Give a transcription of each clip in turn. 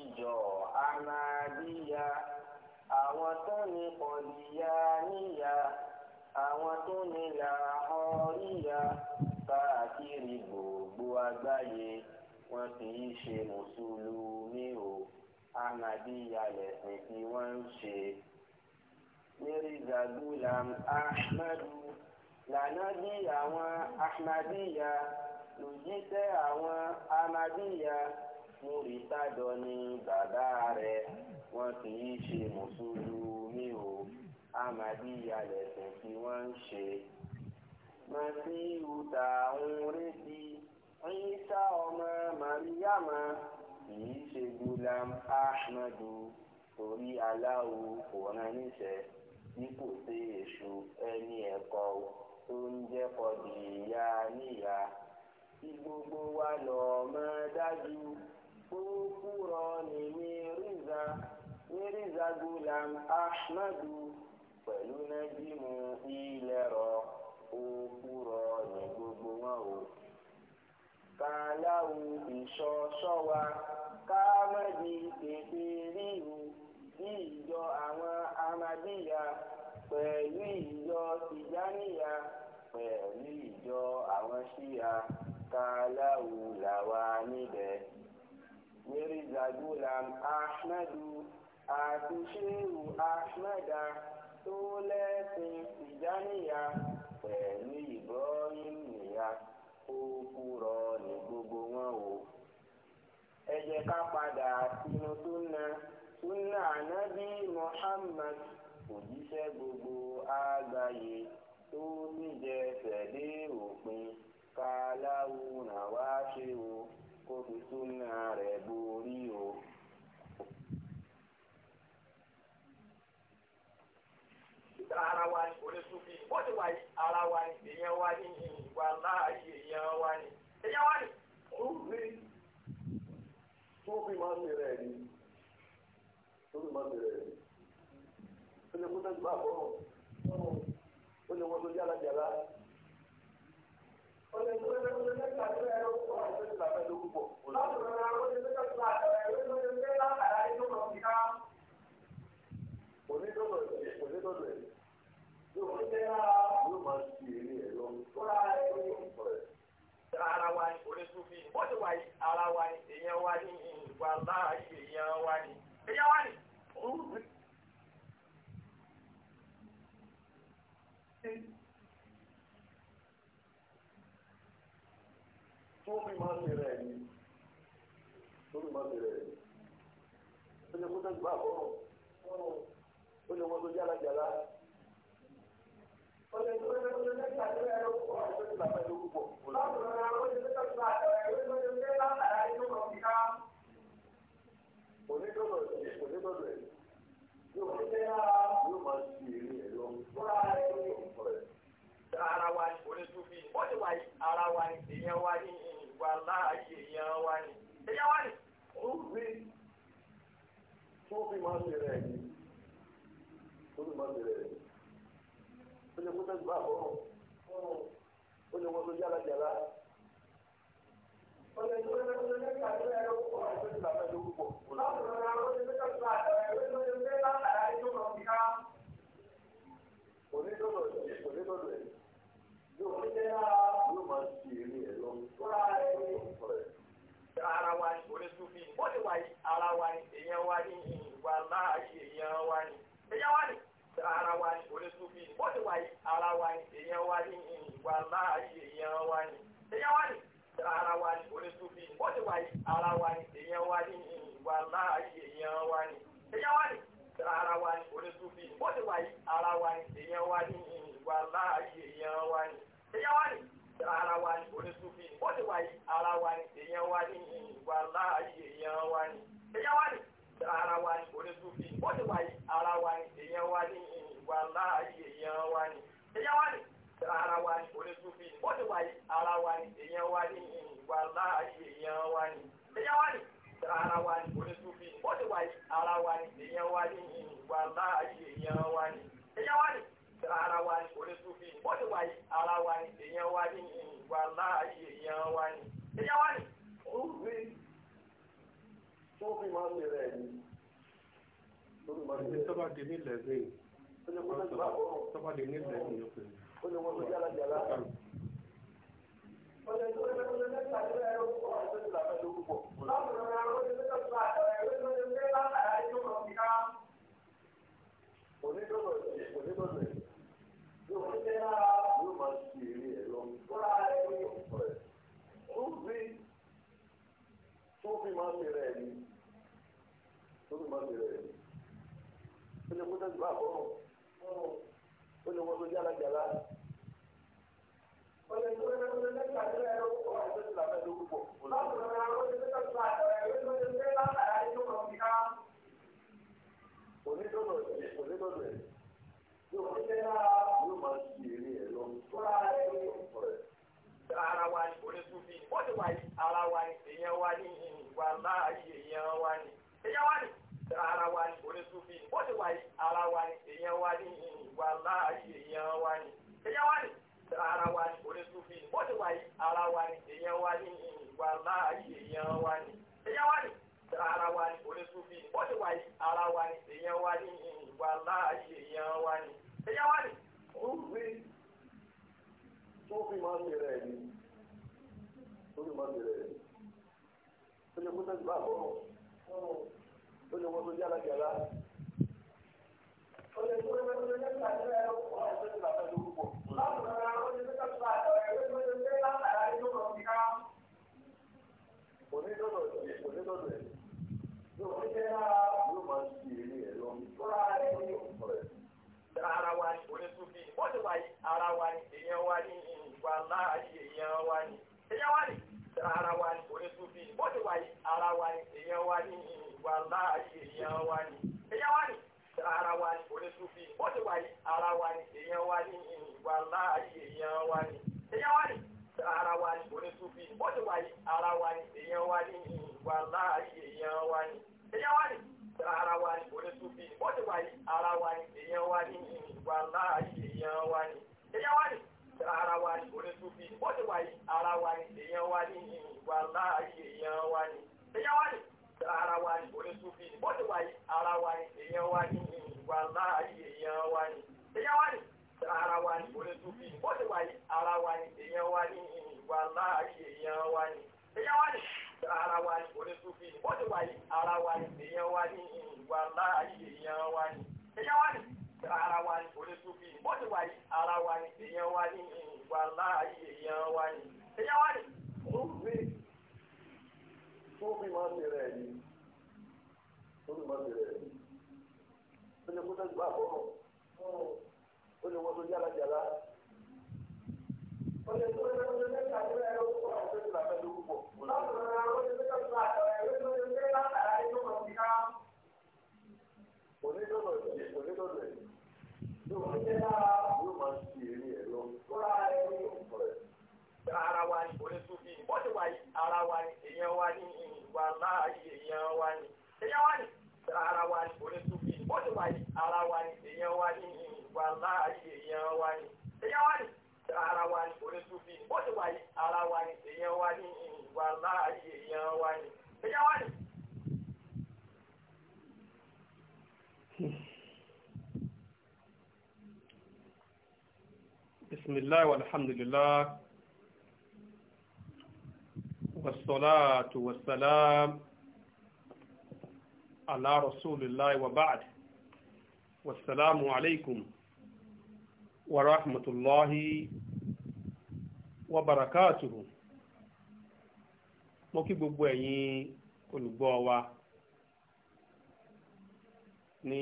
ìjọ Ahmadiyya àwọn tó ní kọ̀díyà níyà àwọn tó ní làhọ́ríyà káàkiri gbogbo àgbáyé wọ́n ti ń ṣe mùsùlùmí o Ahmadiyya lẹ̀sìn tí wọ́n ń ṣe. Mirza Ghulam Ahmadu lànàbí àwọn Ahmadiyya lòjíṣẹ́ àwọn Ahmadiyya. múrítàjọ ní bàbá rẹ̀ wọ́n kì í ṣe mùsùlùmí o amadiya lẹ̀sìn tí wọ́n ń ṣe. masihu tá ń retí Ìsá ọmọ màríyàmá kì í ṣe gulam ahmadu torí aláwo kò rán níṣẹ́ bí kò sí èṣù ẹni ẹ̀kọ́ tó ń jẹ́ kọdìyà níyà tí gbogbo wa lọ́ọ́ mọ́ dájú. okwu rọni miriza miriza gulam ahmadu pẹ̀lú nájímù ilẹ̀rọ okwu rọni gbogbo wọn o kàláwù ìṣọ ṣọwa káàmẹ́dì ètè ríru ní ìjọ àwọn amadíyà pẹ̀lú ìjọ tìjáníyà pẹ̀lú ìjọ àwọn ṣíyà kàláwù làwa níbẹ̀. mirza gulam ahmadu àti shehu ahmeda tó lẹ́sìn tìjáníyà pẹ̀lú ibrahim nìyà ó kúrọ ní gbogbo wọn o. ẹ jẹ́ ká padà sínú súnà súnà ànábì muhammad òjíṣẹ́ gbogbo àgbáyé tó n'ije dé òpin ká láwùrán wá ṣe o. kó fi súnà rẹ̀ borí o. ara wa ni onísùnfì wọ́n ti wà yí ara wa ni èèyàn wa ni ìwà láàyè èèyàn wa ni èèyàn wa ni. Súnfì Súnfì máa ń bèrè ẹ̀ ni Súnfì máa ń bèrè ni. Ó lè kó sẹ́jú bá àbọ̀ ó lè wọ́n tó yára jàrá. Ó lè kó sẹ́jú bá àbọ̀ ó lè kó sẹ́jú bá àbọ̀. Ara wa ni onísùnfì, bó ti wà yìí, ara wa ni, èèyàn wa ni, ìwà láàyè èèyàn wa ni, èèyàn wa ni. Tó fi máa ń bẹ̀rẹ̀ nọ́ọ̀sì rẹ̀ ó ní kó tó gbà bọ́ ó ní wọ́n tó jálajàla ó ní kó tó lẹ́ka tó yẹ kó wà tó ti bàbá ìlú púpọ̀. báwo ni wọ́n ti tó ti bàbá ìlú púpọ̀ tó ti bàbá ìlú púpọ̀ kíkà. onídọ́dọ̀ ẹ̀ onídọ́dọ̀ ẹ̀ yóò fi ṣe ara yóò máa ṣe èrè ẹ̀ lọ. fúnra ẹ̀ ló ń fọ̀ ẹ̀ ara wa ni onítúbí wọ́n ti wà yí ara wa ni èèyàn wa ni ìwà láàyè èèyàn wa ni èèyàn wa ni ó gbé tí wọ́n fi máa ń bẹ̀rẹ̀ ẹ̀yìn ó fi máa ń bẹ̀rẹ̀ ẹ̀yìn ó lè kó tẹ́sí bá àbọ̀rọ̀ ó lè wọ́n tó yára jàlá. ọ̀nà ìjọba ẹgbẹ́ tó lè ká ìwé ẹ̀rọ púpọ̀ àti ìlú àbẹ́lẹ̀ púpọ̀. láti rọra ó lè fẹ́ tẹ̀sí àtàrà ìwé tó lè fẹ́ látara ẹjọ́ lọ sí ká. onídọ̀dọ̀ ẹ̀ onídọ̀dọ̀ ẹ̀ yóò máa ṣe eré ẹ̀ lọ ara wa ni onísùfì ó lè wà yìí ara wa ni èèyàn wa ni ìwà náà èèyàn wa ni èèyàn wa ni ara wa ni onísùfì ó lè wà yìí ara wa ni èèyàn wa ni ìwà náà èèyàn wa ni èèyàn wa ni ara wa ni onísùfì ó lè wà yìí ara wa ni èèyàn wa ni ìwà náà èèyàn wa ni èèyàn wa ni ara wa ni onísùfì ó lè wà yìí ara wa ni èèyàn wa ni ìwà náà èèyàn wa ni èèyàn wa ni. di nílẹ̀ bẹ́ẹ̀ tọ́ba di nílẹ̀ ó ní wọ́n tó jára jára. ara wa ni onísùnfì ni bó ti wà yìí ara wa ni èèyàn wa ni ìwà láàyè èèyàn wa ni èèyàn wa ni ara wa ni onísùnfì ni bó ti wà yìí ara wa ni èèyàn wa ni ìwà láàyè èèyàn wa ni èèyàn wa ni ara wa ni onísùnfì ni bó ti wà yìí ara wa ni èèyàn wa ni ìwà láàyè èèyàn wa ni èèyàn wa ni. olùwé tó fi máa ń bẹ̀rẹ̀ ẹ̀ tó fi máa ń bẹ̀rẹ̀ ẹ̀ ó yẹ kó tẹ̀síwájú bọ̀ ó lè wọ́n tó jára jàrá. ó lè tó lè tó lè tó lè tó lè wọ́n lè tó lè bàtà ló púpọ̀. láti rárá ó lè tó lè tó àtọ̀ ẹ̀ ló lè tó lè látara ẹ̀ ló lọ sí ká. kò ní dọ́dọ̀ ẹ̀ kò ní dọ́dọ̀ ẹ̀. yóò fi jẹ́ ara yóò máa ṣe eré ẹ̀ lọ. fúnra rẹ̀ ló yọ̀ fún rẹ̀. ara wa ni onísùn bíi wọ́n ti wáyé ara wa ni èèyàn wa ni ìwà láàyè èèyàn wa ni èèyàn wa ni ara wa ni onísùn bíi wọ́n ti wáyé ara wa ni èèyàn wa ni wà láàyè èèyàn wa ni èèyàn wa ni ara wa ni onísùfì ó ti wà yìí ara wa ni èèyàn wa ni wà láàyè èèyàn wa ni èèyàn wa ni ara wa ni onísùfì ó ti wà yìí ara wa ni èèyàn wa ni wà láàyè èèyàn wa ni èèyàn wa ni ara wa ni onísùfì ó ti wà yìí ara wa ni èèyàn wa ni wà láàyè èèyàn wa ni èèyàn wa ni ara wa ni onísùfì ó ti wà yìí ara wa ni èèyàn wa ni wà èèyàn wa ni èèyàn wa ni ara wa ni orí sufi ni bọ́ọ̀dì wa ni ara wa ni èèyàn wa ni ìwà láàyè èèyàn wa ni èèyàn wa ni ara wa ni orí sufi ni bọ́ọ̀dì wa ni ara wa ni èèyàn wa ni ìwà láàyè èèyàn wa ni èèyàn wa ni ara wa ni orí sufi ni bọ́ọ̀dì wa ni ara wa ni èèyàn wa ni ìwà láàyè èèyàn wa ni èèyàn wa ni ara wa ni orí sufi ni bọ́ọ̀dì wa ni ara wa ni èèyàn wa ni ìwà láàyè èèyàn wa ni èèyàn wa ni tó fi máa ń tẹ̀rẹ̀ yìí tó fi máa ń tẹ̀rẹ̀ yìí ó lè kó sẹ́jú bá àbọ̀rọ̀ ó lè wọ́n tó yára jàrá. ó lè tó lè tó lè mẹ́ta tó lè lọ kó àwọn tó ti là fẹ́ lóko pọ̀. láti rẹ̀ ó lè tó lè tó àtọ̀ ẹ̀ ló lè tó yóò máa ṣe eré ẹ̀ lọ. ara wa ni oní sufi bọ́ọ̀dì wa yìí ara wa ni èèyàn wa ni ìwà láàyè èèyàn wa ni èèyàn wa ni ara wa ni oní sufi bọ́ọ̀dì wa yìí ara wa ni èèyàn wa ni ìwà láàyè èèyàn wa ni èèyàn wa ni ara wa ni oní sufi bọ́ọ̀dì wa yìí ara wa ni èèyàn wa ni ìwà láàyè èèyàn wa ni èèyàn wa ni. بسم الله والحمد لله والصلاة والسلام على رسول الله وبعد والسلام عليكم ورحمة الله وبركاته mo kí gbogbo ẹ̀yin olùgbọ́ wa ní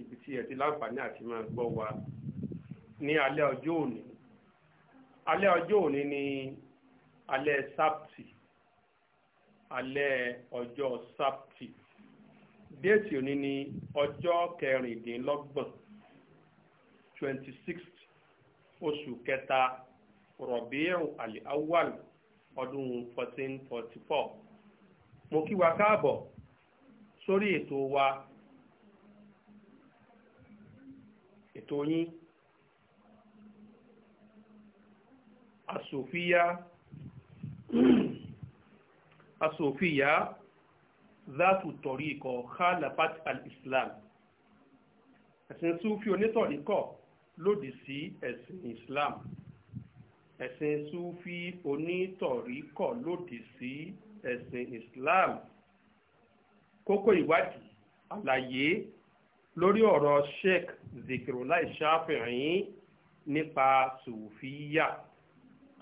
ibi tí ẹ ti láǹfààní àti máa gbọ́ wa ní alẹ́ ọjọ́ òní alẹ́ ọjọ́ òní ni. ni alẹ́ sábtì alẹ́ ọjọ́ sábtì déètì òní ni ọjọ́ kẹrìndínlọ́gbọ̀n twenty sixth oṣù kẹta rọ̀bíẹ̀rù àlẹ́ awal ọdún fourteen forty four mo kí wa káàbọ̀ sórí ètò wa ètò yín asòfíà. asòfìyà zátù tọ̀rí ikọ̀ khalafat al-islam ẹ̀sìn súfì onítọ̀ríkọ̀ lòdì sí ẹ̀sìn islam ẹ̀sìn súfì onítọ̀ríkọ̀ lòdì sí ẹ̀sìn islam kókó ìwádìí àlàyé lórí ọ̀rọ̀ sheikh zikirulai shafi'in nípa sùfìyà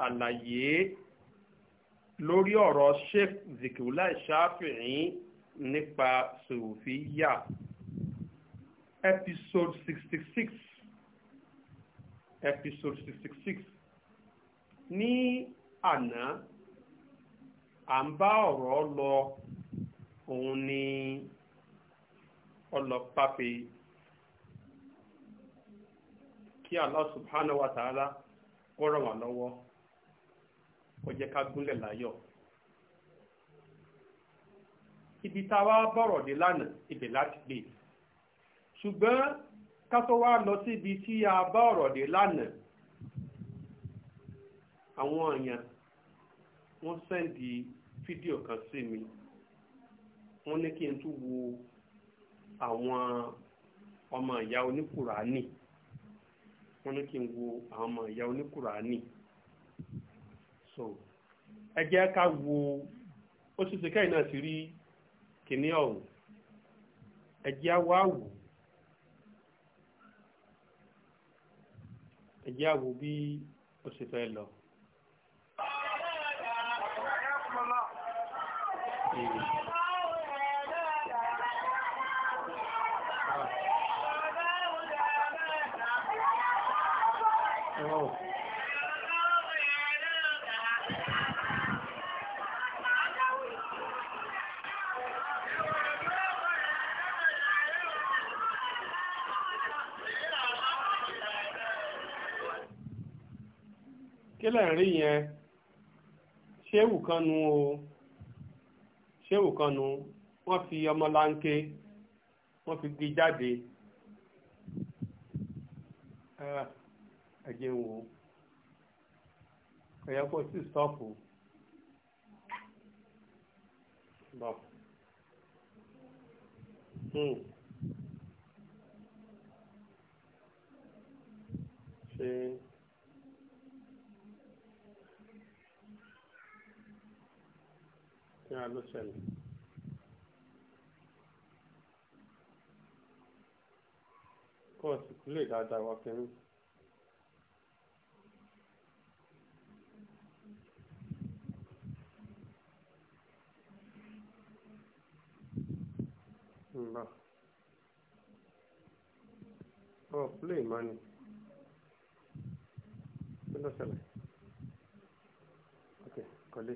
àlàyé lórí ọ̀rọ̀ Sheikh Zikrullah Shafi'i nípa Sufiya episode sixty six episode sixty six ní àná à ń bá ọ̀rọ̀ lọ òun ni ọlọ́pàpẹ́ kí Allah subhanahu wa ta'ala kó ràn wá lọ́wọ́ ó jẹ́ ká gúnlẹ̀ láyọ̀ ibi tá a wá bọ̀rọ̀ dé lánàá ibẹ̀ láti gbé ṣùgbọ́n ká tó wá lọ síbi tí a bá ọ̀rọ̀ dé lánàá àwọn èèyàn wọ́n sẹ́ndì fídíò kan sí mi wọ́n ní kí n tún wo àwọn ọmọ ìyá oníkùránì wọ́n ní kí n wo àwọn ọmọ ìyá oníkùránì so ẹ jẹ́ ká wo ó sì ti kẹ́yìn náà ti rí kìnní ọ̀hún ẹ wá wò ẹ wò bí ó sì fẹ́ lọ. Oh. sílẹ̀ ń rí yẹn ṣéwù kan nu o ṣéwù kan nu wọ́n fi ọmọlanke wọ́n fi gbé jáde ah, ẹ̀jẹ̀ wò ẹ̀yẹ kò sí stọ́ọ̀pù bọ̀. Hmm. ṣe. kí wọn ló ṣẹlẹ̀. kó o sì kúlè dáadáa wá kínní. Mbà. Ọ̀ pílè ìmánì. Kí ló ṣẹlẹ̀? Ok, kọ́lé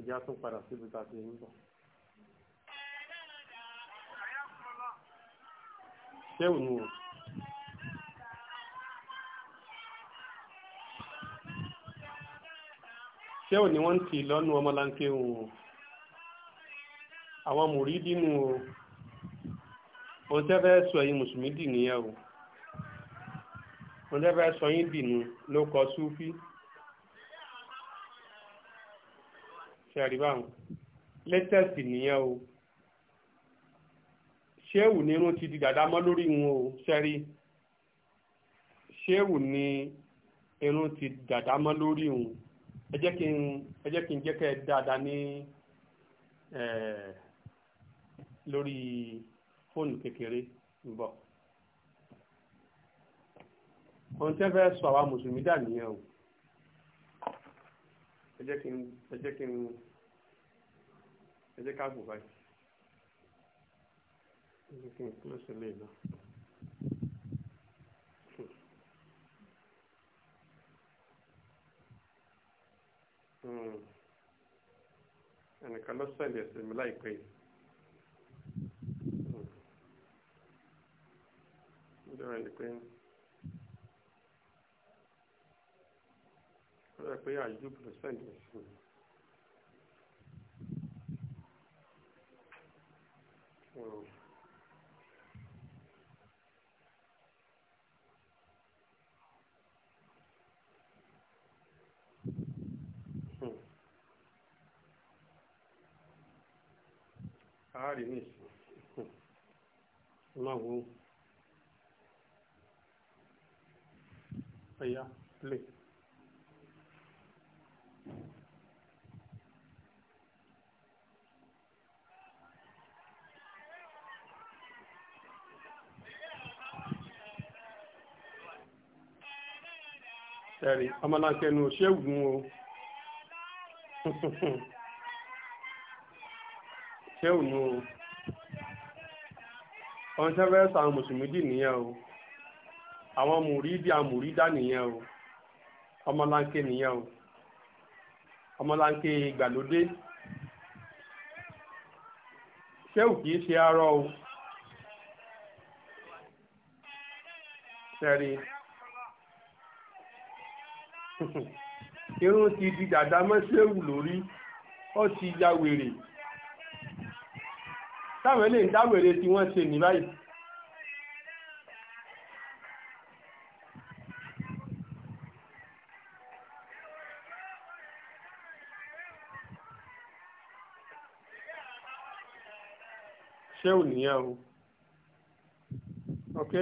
ẹjá tún padà síbi tàbí ẹ̀yìn bọ̀. ṣé ò ní o. ṣé ò ní wọ́n ti lọ́nu ọmọlanke o. àwọn mùrídìí nù o òun tẹ́ fẹ́ sọ yín mùsùlùmí dì nìyẹn o òun tẹ́ fẹ́ sọ yín dì nù ló kọ súfí. ṣẹ̀rí báwọn lẹ́tẹ̀sì nìyẹn o ṣéwù ni irun ti di dàda mọ́ lórí wọn o ṣẹ́rí ṣéwù ni irun ti dàda mọ́ lórí wọn ẹ jẹ́ kí n ẹ jẹ́ kí n jẹ́ kẹ́ ẹ dáadáa ní lórí fóònù kékeré ń bọ̀ ohun tẹ́ fẹ́ sọ àwa mùsùlùmí dà nìyẹn o ẹ jẹ́ kí n ẹ jẹ́ kí n ẹ jẹ́ ká gùn báyìí ẹ jẹ́ kí n kúlọ̀ sílẹ̀ náà. Hmm. ẹnìkan ló sẹ̀lẹ̀ sí mi láìpẹ́ yìí. Hmm. Ó dẹ́rọ̀ pé. ó pé àyùbù ló sẹ́ǹdì Ààrẹ ní ìsìn. Ọlọ́run. Hmm. Ẹ̀yà, play. ẹ̀rí ọmọláńkẹ́nu ṣéwù o ṣéwù nu o ọ̀n sẹ́fẹ́ sàwọn mùsùlùmí dì nìyẹn o àwọn mùrídì àmùrídà nìyẹn o ọmọláńkẹ́ nìyẹn o ọmọláńkẹ́ ìgbàlódé ṣéwù kìí ṣe arọ o ṣẹ́rí. irun ti di dàda mọ́ṣẹ́wù lórí ó ti ya wèrè táwọn ilé ń tí wọ́n ṣe ní báyìí. níyà o ok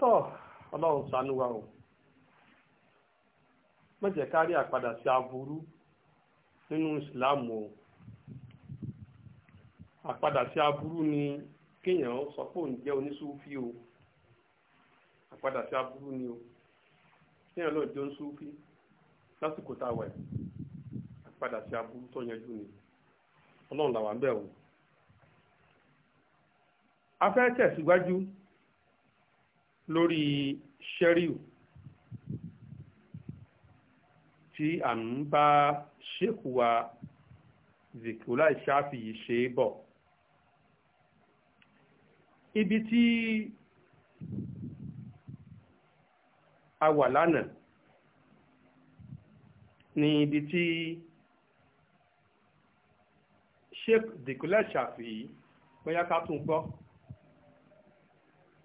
tọ́. So ọlọ́run ṣàánú wa o má jẹ́ ká rí àpadà sí aburú nínú ìsìláàmù o àpadà sí aburú ni kéèyàn sọ pé òun jẹ́ onísúfí o àpadà sí aburú ni o kéèyàn lọ́ọ́ jẹ́ onísúfí lásìkò tá a wà yìí àpadà sí aburú tó yanjú ni ọlọ́run làwọn bẹ̀ o a fẹ́ tẹ̀síwájú. Si lórí sheriu tí à ń bá ṣékù wa zikula ìṣáfì yìí ṣe é bọ̀ ibi tí a wà lánàá ní ibi tí sheikh zikula ìṣáfì yìí bóyá ká tún gbọ́.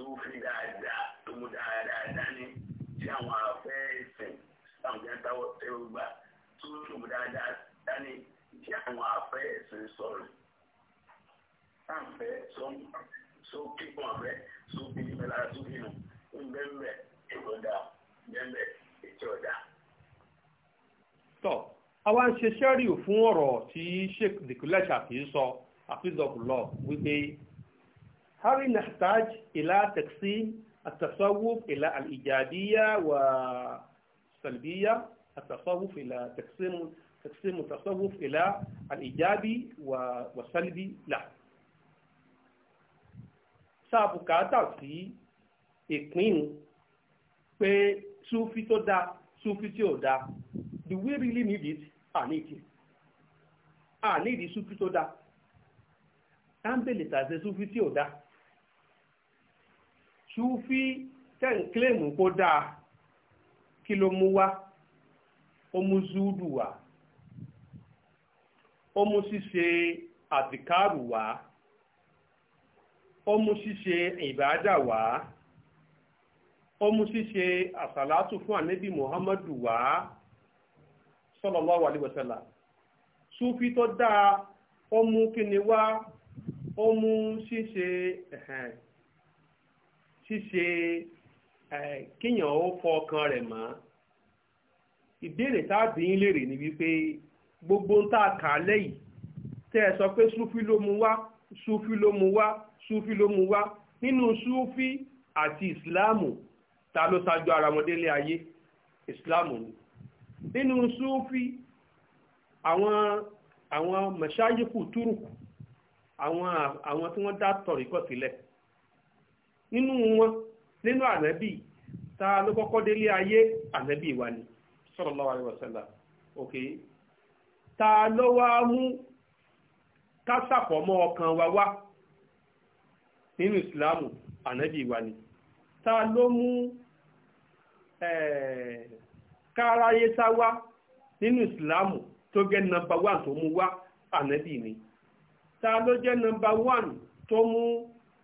sófin dáadáa tó mú dáadáa ní tí àwọn afẹ́ ẹ̀sìn táwọn jẹ́ táwọ́ tẹ́wọ́ gbà sófin mú dáadáa dání tí àwọn afẹ́ ẹ̀sìn sọ̀rọ̀ táǹfẹ́ sókè fún afẹ́ sófin ní sófin nù ń bẹ́ẹ̀ èkó dá bẹ́ẹ̀ ètí ọ̀dá. ń ṣe sẹ́ríò fún ọ̀rọ̀ tí sheikh dikulash àti sọ àfihàn lọ wípé هل نحتاج إلى تقسيم التصوف إلى الإيجابية والسلبية التصوف إلى تقسيم تقسيم التصوف إلى الإيجابي والسلبي لا سابقا تعطي إقمين pe sufi to da sufi ti o da do we really need it a need it a need sufi to da tambe le ta se sufi ti o da sufi tẹ̀ ń kílèmù kó dáa kí ló mú wá ó mú zúdù wá ó mú ṣíṣe àdìkárù wá ó ṣíṣe ìbáàdà wá ó ṣíṣe àsàlátù fún ànábì muhammadu wá tó dáa kíni wá ṣíṣe ṣíṣe kíyàn ó fọ ọkàn rẹ̀ mọ́ ìbéèrè táàbí yín léèrè ni wípé gbogbo ń tà kà lẹ́yìn tẹ́ ẹ sọ pé súfí ló mu wá súfí ló mu wá súfí ló mu wá nínú súfí àti ìsìláàmù ta ló ṣáájú ara wọn délé ayé ìsìláàmù ni nínú súfí àwọn àwọn mọ̀ṣáyíkù túrùkù àwọn àwọn tí wọ́n dá tọ̀ríkọ̀ sílẹ̀. Si nínú wọn nínú ànábì ta ló kọ́kọ́ délé ayé ànábì wa ni sallallahu alaihi wasallam ok ta ló wá mú kásàpọ̀mọ́ ọkàn wa wá nínú ìsìláàmù ànábì wa ni ta ló mú káráyé sá wá nínú ìsìláàmù tó jẹ́ nọ́mbà wán tó mú wá ànábì ni ta ló jẹ́ nọ́mbà wán tó mú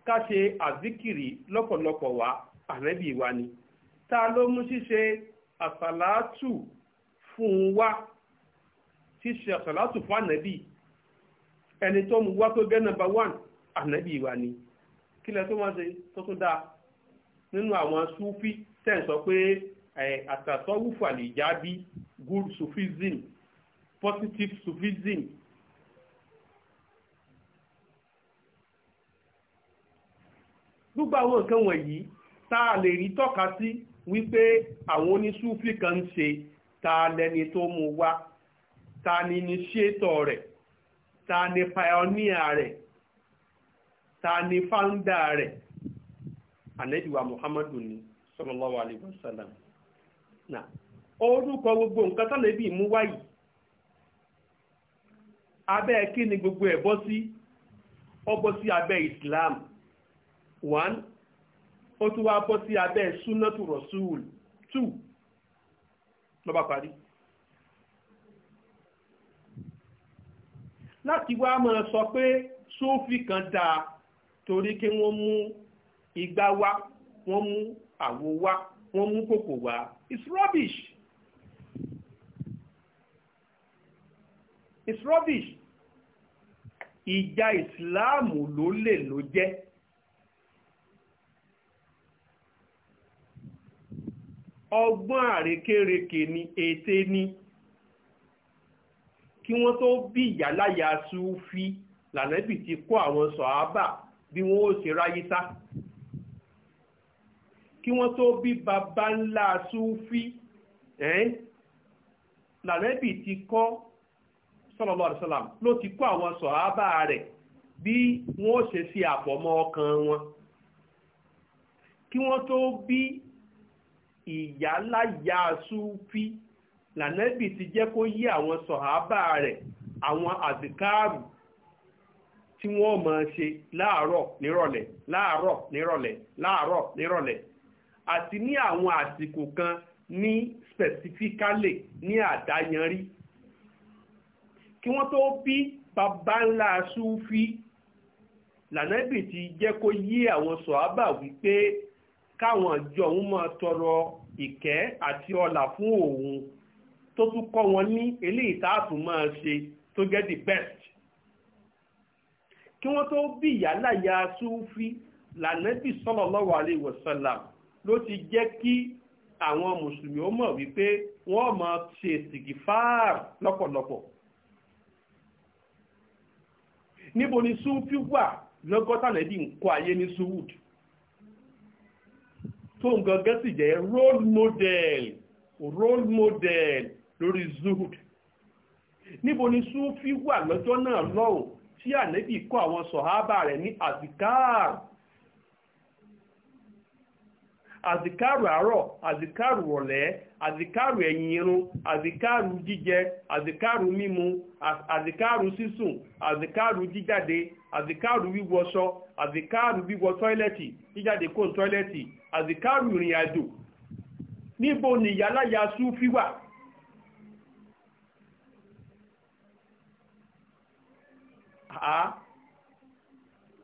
ká ṣe àzíkìrì lọ́pọ̀lọpọ̀ wá ànábì wa ni ta ló mú ṣíṣe àsàlátù fún un wá ṣíṣe àsàlátù fún ànábì ẹni tó mú wá tó gẹ́ nọ́mbà wán ànábì wa ni kí lẹ tó wá ṣe tó tún dáa nínú àwọn sufi tẹ̀ ń sọ pé àtàtọ́wùfàlì jábí good sufism positive sufism gbogbo àwọn nǹkan wọ̀nyí taa a lè rí tọ́ka sí wípé àwọn oníṣúfì kan ń ṣe ta lẹni tó mú wá ta ni ní ṣètò rẹ̀ ta ni pioneer rẹ̀ ta ni founder rẹ̀ muhammadu ni na orúkọ gbogbo nǹkan tálẹ́bí mú wáyìí abẹ́ kí ni gbogbo ẹ̀ bọ́ sí ọ bọ́ sí abẹ́ islam. one ó tún wá bọ́ sí abẹ́ súnátù rọ̀ṣúùl two ló bá parí. láti wá máa sọ pé sófì kan dáa torí kí wọ́n mú igbá wá wọ́n mú àwo wá wọ́n mú kòkò wá it's rubbish. it's rubbish. ìjà ìsìláàmù ló lè ló jẹ́. ọgbọ́n àrékérekè ni ète ni kí wọ́n tó bí ìyáláyà sufi lànàbì ti kó àwọn sọ̀hábà bí wọ́n ó ṣe ráyé sá kí wọ́n tó bí baba ńlá sufi lànàbì ti kọ́ sallallahu alaihi wasallam ló ti kó àwọn sọ̀hábà rẹ̀ bí wọ́n ó ṣe ṣe àfọ̀mọ́ ọkàn wọn kí wọ́n tó bí ìyáláyà súfí lànàbì ti jẹ́ kó yí àwọn sọ̀hábà rẹ̀ àwọn àdìkáàrù tí wọ́n máa ṣe láàárọ̀ nírọ̀lẹ́ láàárọ̀ nírọ̀lẹ́ láàárọ̀ nírọ̀lẹ́ àti ní àwọn àsìkò kan ní specifically ní àdáyanrí kí wọ́n tó bí bàbá ńlá súfí lànàbì ti jẹ́ kó yí àwọn sọ̀hábà wípé káwọn ìjọ òun máa tọrọ ìkẹ́ àti ọlà fún òun tó tún kọ́ wọn ní eléyìí táàtù máa ṣe tó jẹ́ the best kí wọ́n tó bí ìyáláyà súfí lànàbì sallallahu alaihi wasallam ló ti jẹ́ kí àwọn mùsùlùmí ó mọ̀ wípé wọ́n máa ṣe sìgìfáàr lọ́pọ̀lọpọ̀ níbo ni súfí wà lọ́gọ́ta lẹ́bí ń kọ́ ayé ní suwud tó ń gangan sì jẹ́ role model role model lórí zuhud níbo ni sufi wà lọ́jọ́ náà lọ́hùn tí ànẹ́bì kọ́ àwọn sọ̀hábà rẹ̀ ní azikar azikaru àárọ̀ azikaru ọ̀lẹ́ azikaru ẹ̀yìn irun azikaru jíjẹ azikaru mímu azikaru sísùn azikaru jíjáde azikaru wíwọṣọ azikaru wíwọ tọ́ílẹ̀tì jíjáde kó tọ́ílẹ̀tì àzìkárù ìrìn àjò níbo ni ìyáláyà súfí wà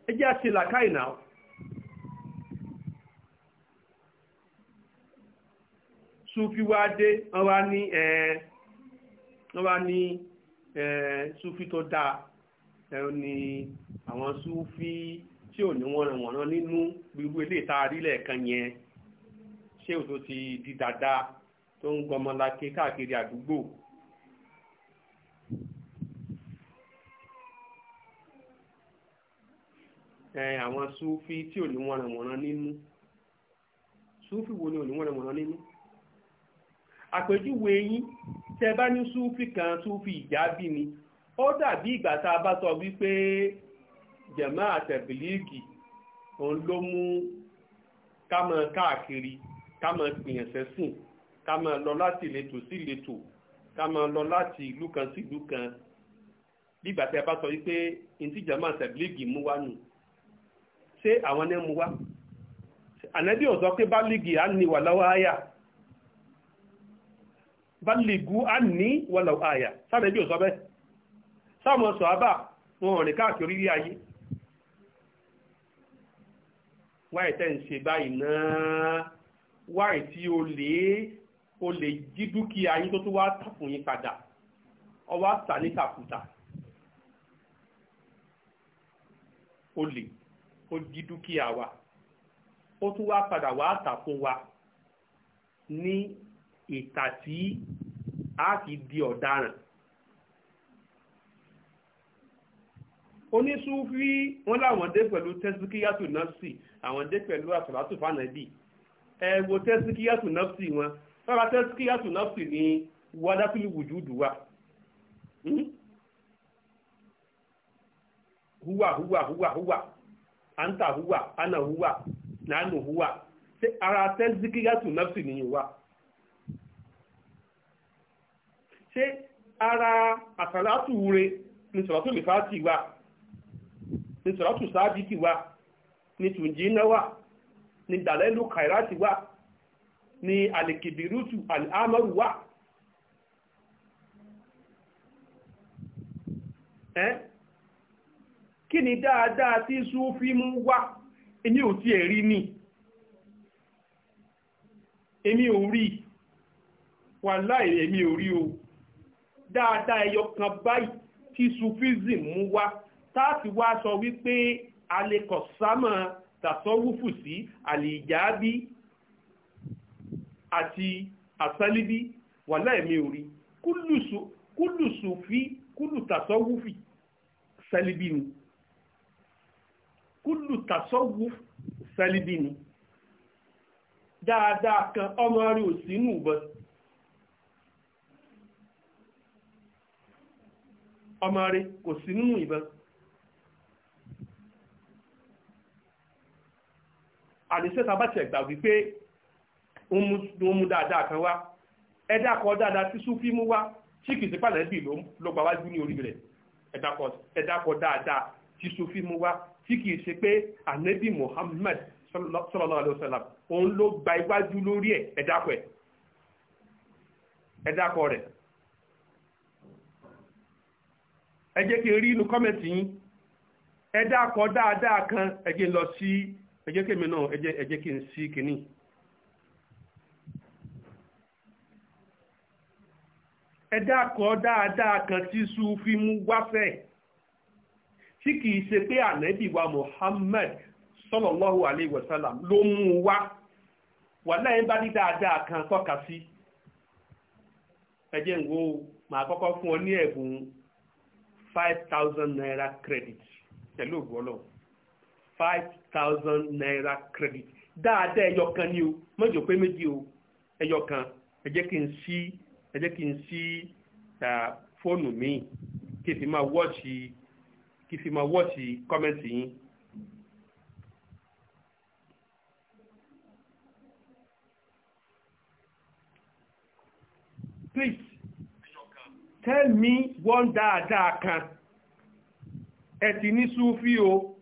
ẹjẹ́ àti làkáì náà súfí wá dé wọ́n wá ní ẹ̀ẹ́ wọ́n ní ẹ̀ẹ́ súfí tó dáa ẹ̀ẹ́ ni àwọn súfí tí ò ní wọn wọ̀n rán nínú gbogbo ilé ìta rílẹ̀ kan yẹn ṣé o tó ti di dada tó ń gbọmọlake káàkiri àdúgbò. àwọn sufi tí ò ní wọn wọ̀n rán nínú sufi wo ni ò ní wọn wọ̀n rán nínú. àpèjúwe yín tẹ bá ní sufi kan sufi ìjà bí ni ó dàbí ìgbà tá a bá sọ wípé. jẹ̀mọ́ àtẹ̀bìlíìgì òun ló mú ká máa káàkiri ká máa pìyàn sẹ́sìn ká máa lọ láti ìletò sí ìletò ká máa lọ láti ìlú kan sí ìlú kan bígbà tí a bá sọ wípé ntí jẹ̀mọ́ àtẹ̀bìlíìgì mú wá nù ṣé àwọn ní mú wá ànábì ò sọ pé bálígì á ní wàláwá áyà bálígù á ní wàláwá áyà sáà ànábì ò sọ bẹ́ẹ̀ sáà mọ̀ sọ̀ ábà wọn ò rìn káàkiri ilé ayé wáyé tẹ́ ń ṣe báyìí náà wáyé tí o lè o lè jí dúkìá yín tó tún wá tà fún yín padà ọwọ́ àtà ní tàkùtà o lè o jí dúkìá wa ó tún wá padà wá tà fún wa ní ìtà tí a kì í di ọ̀daràn. oníṣúfí wọn làwọn dé pẹ̀lú tẹ́síkíyàtò náà sí i àwọn dé pẹ̀lú àsàlátù fànàbì ẹ wo tẹ́síkíyàtù nọ́ọ̀sì wọn lára tẹ́síkíyàtù nọ́ọ̀sì ni wádàtúlù wùjúdù wa huwa huwa huwa huwa anta huwa ana huwa nanu huwa ara tẹ́síkíyàtù nọ́ọ̀sì ni wa ṣé ara àsàlátù rẹ ni sọ̀rọ̀tù lè fàá ti wa ni sọ̀rọ̀tù sáájì ti wa ni tùnjínà wa ni dàlẹ́lù kàìrátì wà ni àlèkèbìrútù àmọ́rù wà ẹ́ kí ni dáadáa tí súfí mú wá èmi ò tiẹ̀ rí ni èmi ò rí wàláì èmi ò rí o dáadáa ẹyọ kan báyìí tí sufism mú wá táàfi wá sọ wípé alekọ̀ sámọ̀ tàsọ́wúfù sí àlìjáàbí àti àsálíbí wà láìmí orí kúlù sùfí kúlù tàsọ́wúfì sálíbí ni kúlù tàsọ́wúfù sálíbí ni dáadáa kan ọmọ rí òsínú ìbọn ọmọ rí kò sínú ìbọn àdìsẹ́ tàbátì ẹ̀gbà wípé ó mú dáadáa kan wá ẹ̀dá kọ́ dáadáa tí súnfí mú wá tí kìí sípà lẹ́bí ló gbà wájú ní orí rẹ̀ ẹ̀dá kọ́ dáadáa tí súnfí mú wá tí kìí ṣe pé ànẹ́bí Muhammad sallallahu alaihi wasallam òun ló gba iwájú lórí ẹ̀ ẹ̀dá kọ́ ẹ̀ ẹ̀dá kọ́ rẹ̀ ẹ jẹ́ kí n rí inú kọ́mẹ̀tì yín ẹ̀dá kọ́ dáadáa kan ẹ jẹ́ n lọ sí ẹ jẹ́ kémi náà ẹ jẹ́ kí n sí kínní. ẹ dákọ̀ dáadáa kan tí sufi mú wáfẹ́ tí kìí ṣe pé ànábì wa Muhammad sallallahu alaihi wasallam ló mú wá wà láyé bá ní dáadáa kan tọ́ka sí ẹ jẹ́ n màá kọ́kọ́ fún ọ ní ẹ̀bùn five thousand naira credit pẹ̀lú ògbọ́lọ̀ five thousand naira credit dáadáa ẹyọ ni o mọ́jọ pé méjì o ẹyọ kan kí n sí ẹ kí n sí fóònù mi kí n fi máa wọ́ọ̀sì kí n fi máa wọ́ọ̀sì kọ́mẹ́ǹtì yín. Please tell me one dáadáa kan ẹ ti ní súfì o.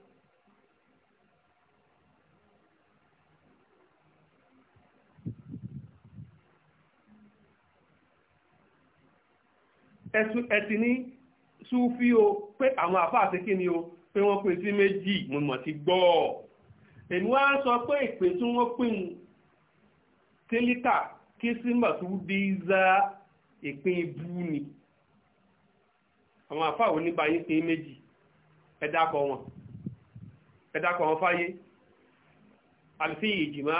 ẹtì ní súfí o pé àwọn àfáà àti kí ni o pé wọ́n pín sí méjì mo mọ̀ ti gbọ́ èmi wá ń sọ pé ìpè tí wọ́n pín tẹ́lítà kí símọ̀tú dé ìpín ibú ni àwọn àfáà oníbà pín méjì ẹ wọn ẹ wọn fáyé àti ìjìmá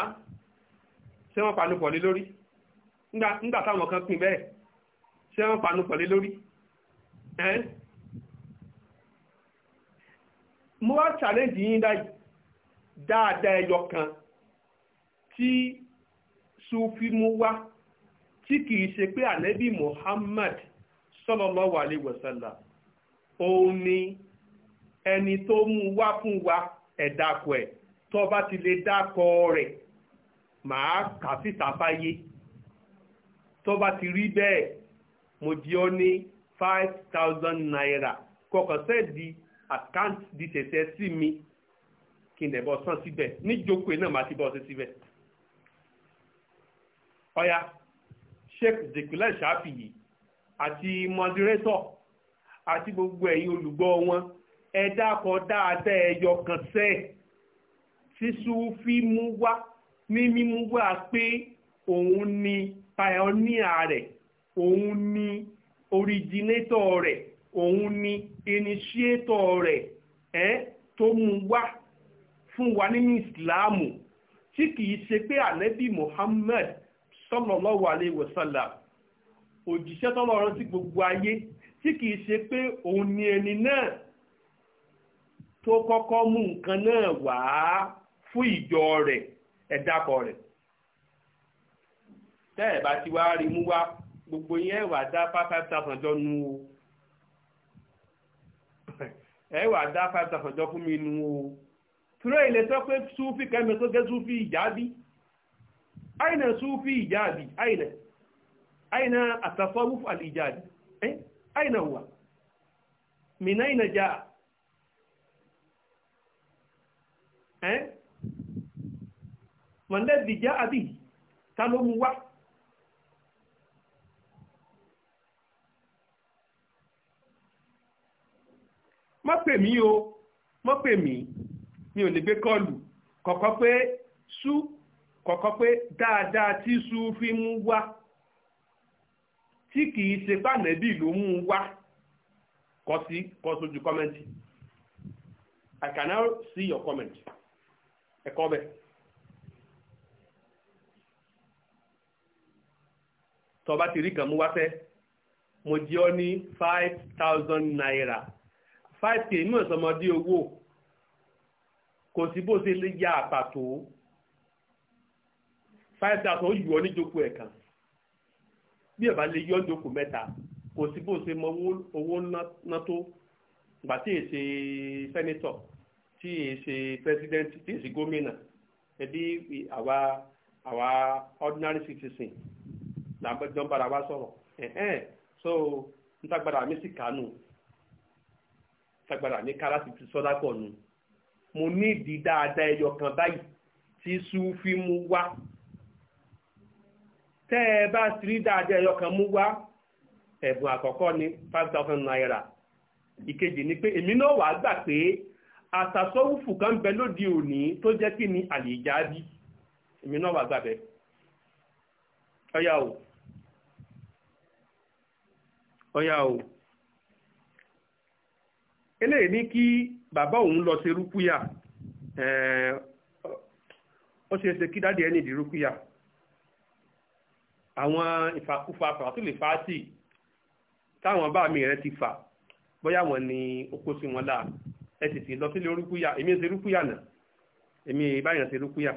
ṣé wọ́n lé lórí nígbà táwọn kan pín bẹ́ẹ̀ ṣé wọ́n panu pọ̀lé lórí ẹ́ mo wá challenge yín dáì dáadáa ẹyọ kan tí sufimu wá tí kìí ṣe pé ànábì Muhammad sallallahu alaihi wasallam òun ni ẹni tó mú wá fún wa ẹ̀dàkọ ẹ̀ tó bá ti lè dákọ rẹ̀ màá kà síta fáyé tó bá ti rí bẹ́ẹ̀ mo di ọ ní five thousand naira kọkàn sẹ́ẹ̀dì àkáǹtì di tẹ̀tẹ̀ sí mi kí n lè bọ́ san síbẹ̀ níjókòó náà máa ti bọ́ sí síbẹ̀. ọ̀ya sheikh zekulẹ̀ ṣáfìyì àti mọdírẹ́tọ̀ àti gbogbo ẹ̀yin olùgbọ́ wọn ẹ dákọ̀ dáadáa ẹyọ kan sẹ́ẹ̀ tí sùfí mú wá ní mímú wá pé òun ni pioneer rẹ̀ òun ni originator rẹ̀ òun ni initiator rẹ ẹ́ tó mú wá fún wa nínú ìsìláàmù tí kìí ṣe pé ànábì sallallahu alaihi wasallam òjíṣẹ́ tọ́lọ́rọ́ sí gbogbo ayé tí kìí ṣe pé òun ni ẹni náà tó kọ́kọ́ mú nǹkan náà wá fún ìjọ rẹ̀ ẹ̀dàkọ̀ rẹ̀ re. bá ti gbogbo yẹn wà dá five thousand jọ nu o ẹ wà dá five thousand jọ fún mi nu o tura ilẹ̀ sọ pé sufi kẹ́mi tó gẹ́ sufi ìjábí àyìnà sufi ìjábí àyìnà àyìnà àtàfọ́wúfù àlìjáde àyìnà wà mìíràn àyìnà já ẹ́ mọ̀lẹ́bí já àbí ta ló mu wá. má pè mí o má pè mí mi ò lè gbé kọ́ọ̀lù kọ̀kọ́ pé sú kọ̀kọ́ pé dáadáa tí sú fi mú wá tí kìí ṣe bánẹ́bí ló mú wá kọ sí kọ sójú kọ́mẹ́ntì I can now see your comment ẹ̀kọ́ bẹ́ẹ̀. tọba ti rí kan mú wá fẹ́ mo jẹ́ ọ ní five thousand naira five k mú ìsọmọdé owó kò sí bó ṣe lè ya àpàtó five thousand ó yọ níjókòó ẹ̀kan bí ẹ̀ bá lè yọ níjókòó mẹ́ta kò sí bó ṣe mọ owó ná tó gbà tí èsè sẹ́nitọ̀ tí èsè pẹ́sidẹ́ntì tí èsè gómìnà ẹbí àwa àwa ordinary citizen làbẹ́jọ́ ń bára wa sọ̀rọ̀ ẹ̀hẹ́n so ń tágbára mi sì kánú tagbara ní káràsì ti sọ́dá pọ̀ nù mo ní ìdí dáadáa ẹyọ kan báyìí tí sufi mú wá tẹ́ ẹ bá sírí dáadáa ẹyọ kan mú wá ẹ̀bùn àkọ́kọ́ ní five thousand naira ìkejì ni pé èmi náà wàá gbà pé àtàsọ́wùfù kan bẹ lóde òní tó jẹ́ kí ni àlèjáàbí èmi náà wàá gbà bẹ́ẹ̀ ọ̀yà o ọ̀yà o eléyìí ní kí bàbá òun lọ ṣe rúkúyà ó ṣe é ṣe kí dáàdi ẹni di rúkúyà àwọn ìfàkúfà fàtúlè fàátì táwọn bá mi rẹ ti fà bóyá wọn ni ó sí wọn láà ẹ sì sì lọ sílé rúkúyà èmi ṣe rúkúyà náà èmi ìbáyàn ṣe rúkúyà.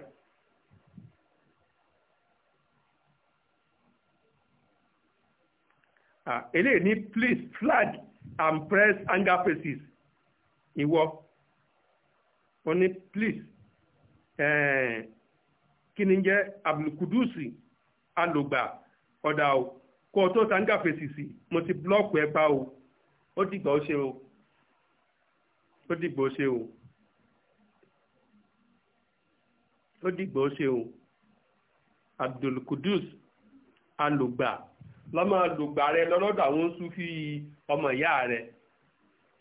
eléyìí ní please flag and press anger faces ìwọ ó ní please eh, kí ni jẹ́ abdulkudusi alògbà ọ̀dà o kó o tó tanga fèsì sí mo ti búlọ́ọ̀kù ẹ̀ pa o ó dìgbà ó ṣe o ó dìgbà ó ṣe o ó dìgbà ó ṣe o abdulkudus alògbà lọ́mọ alògbà rẹ lọ́lọ́dọ̀ àwọn sufi ọmọ ìyá rẹ̀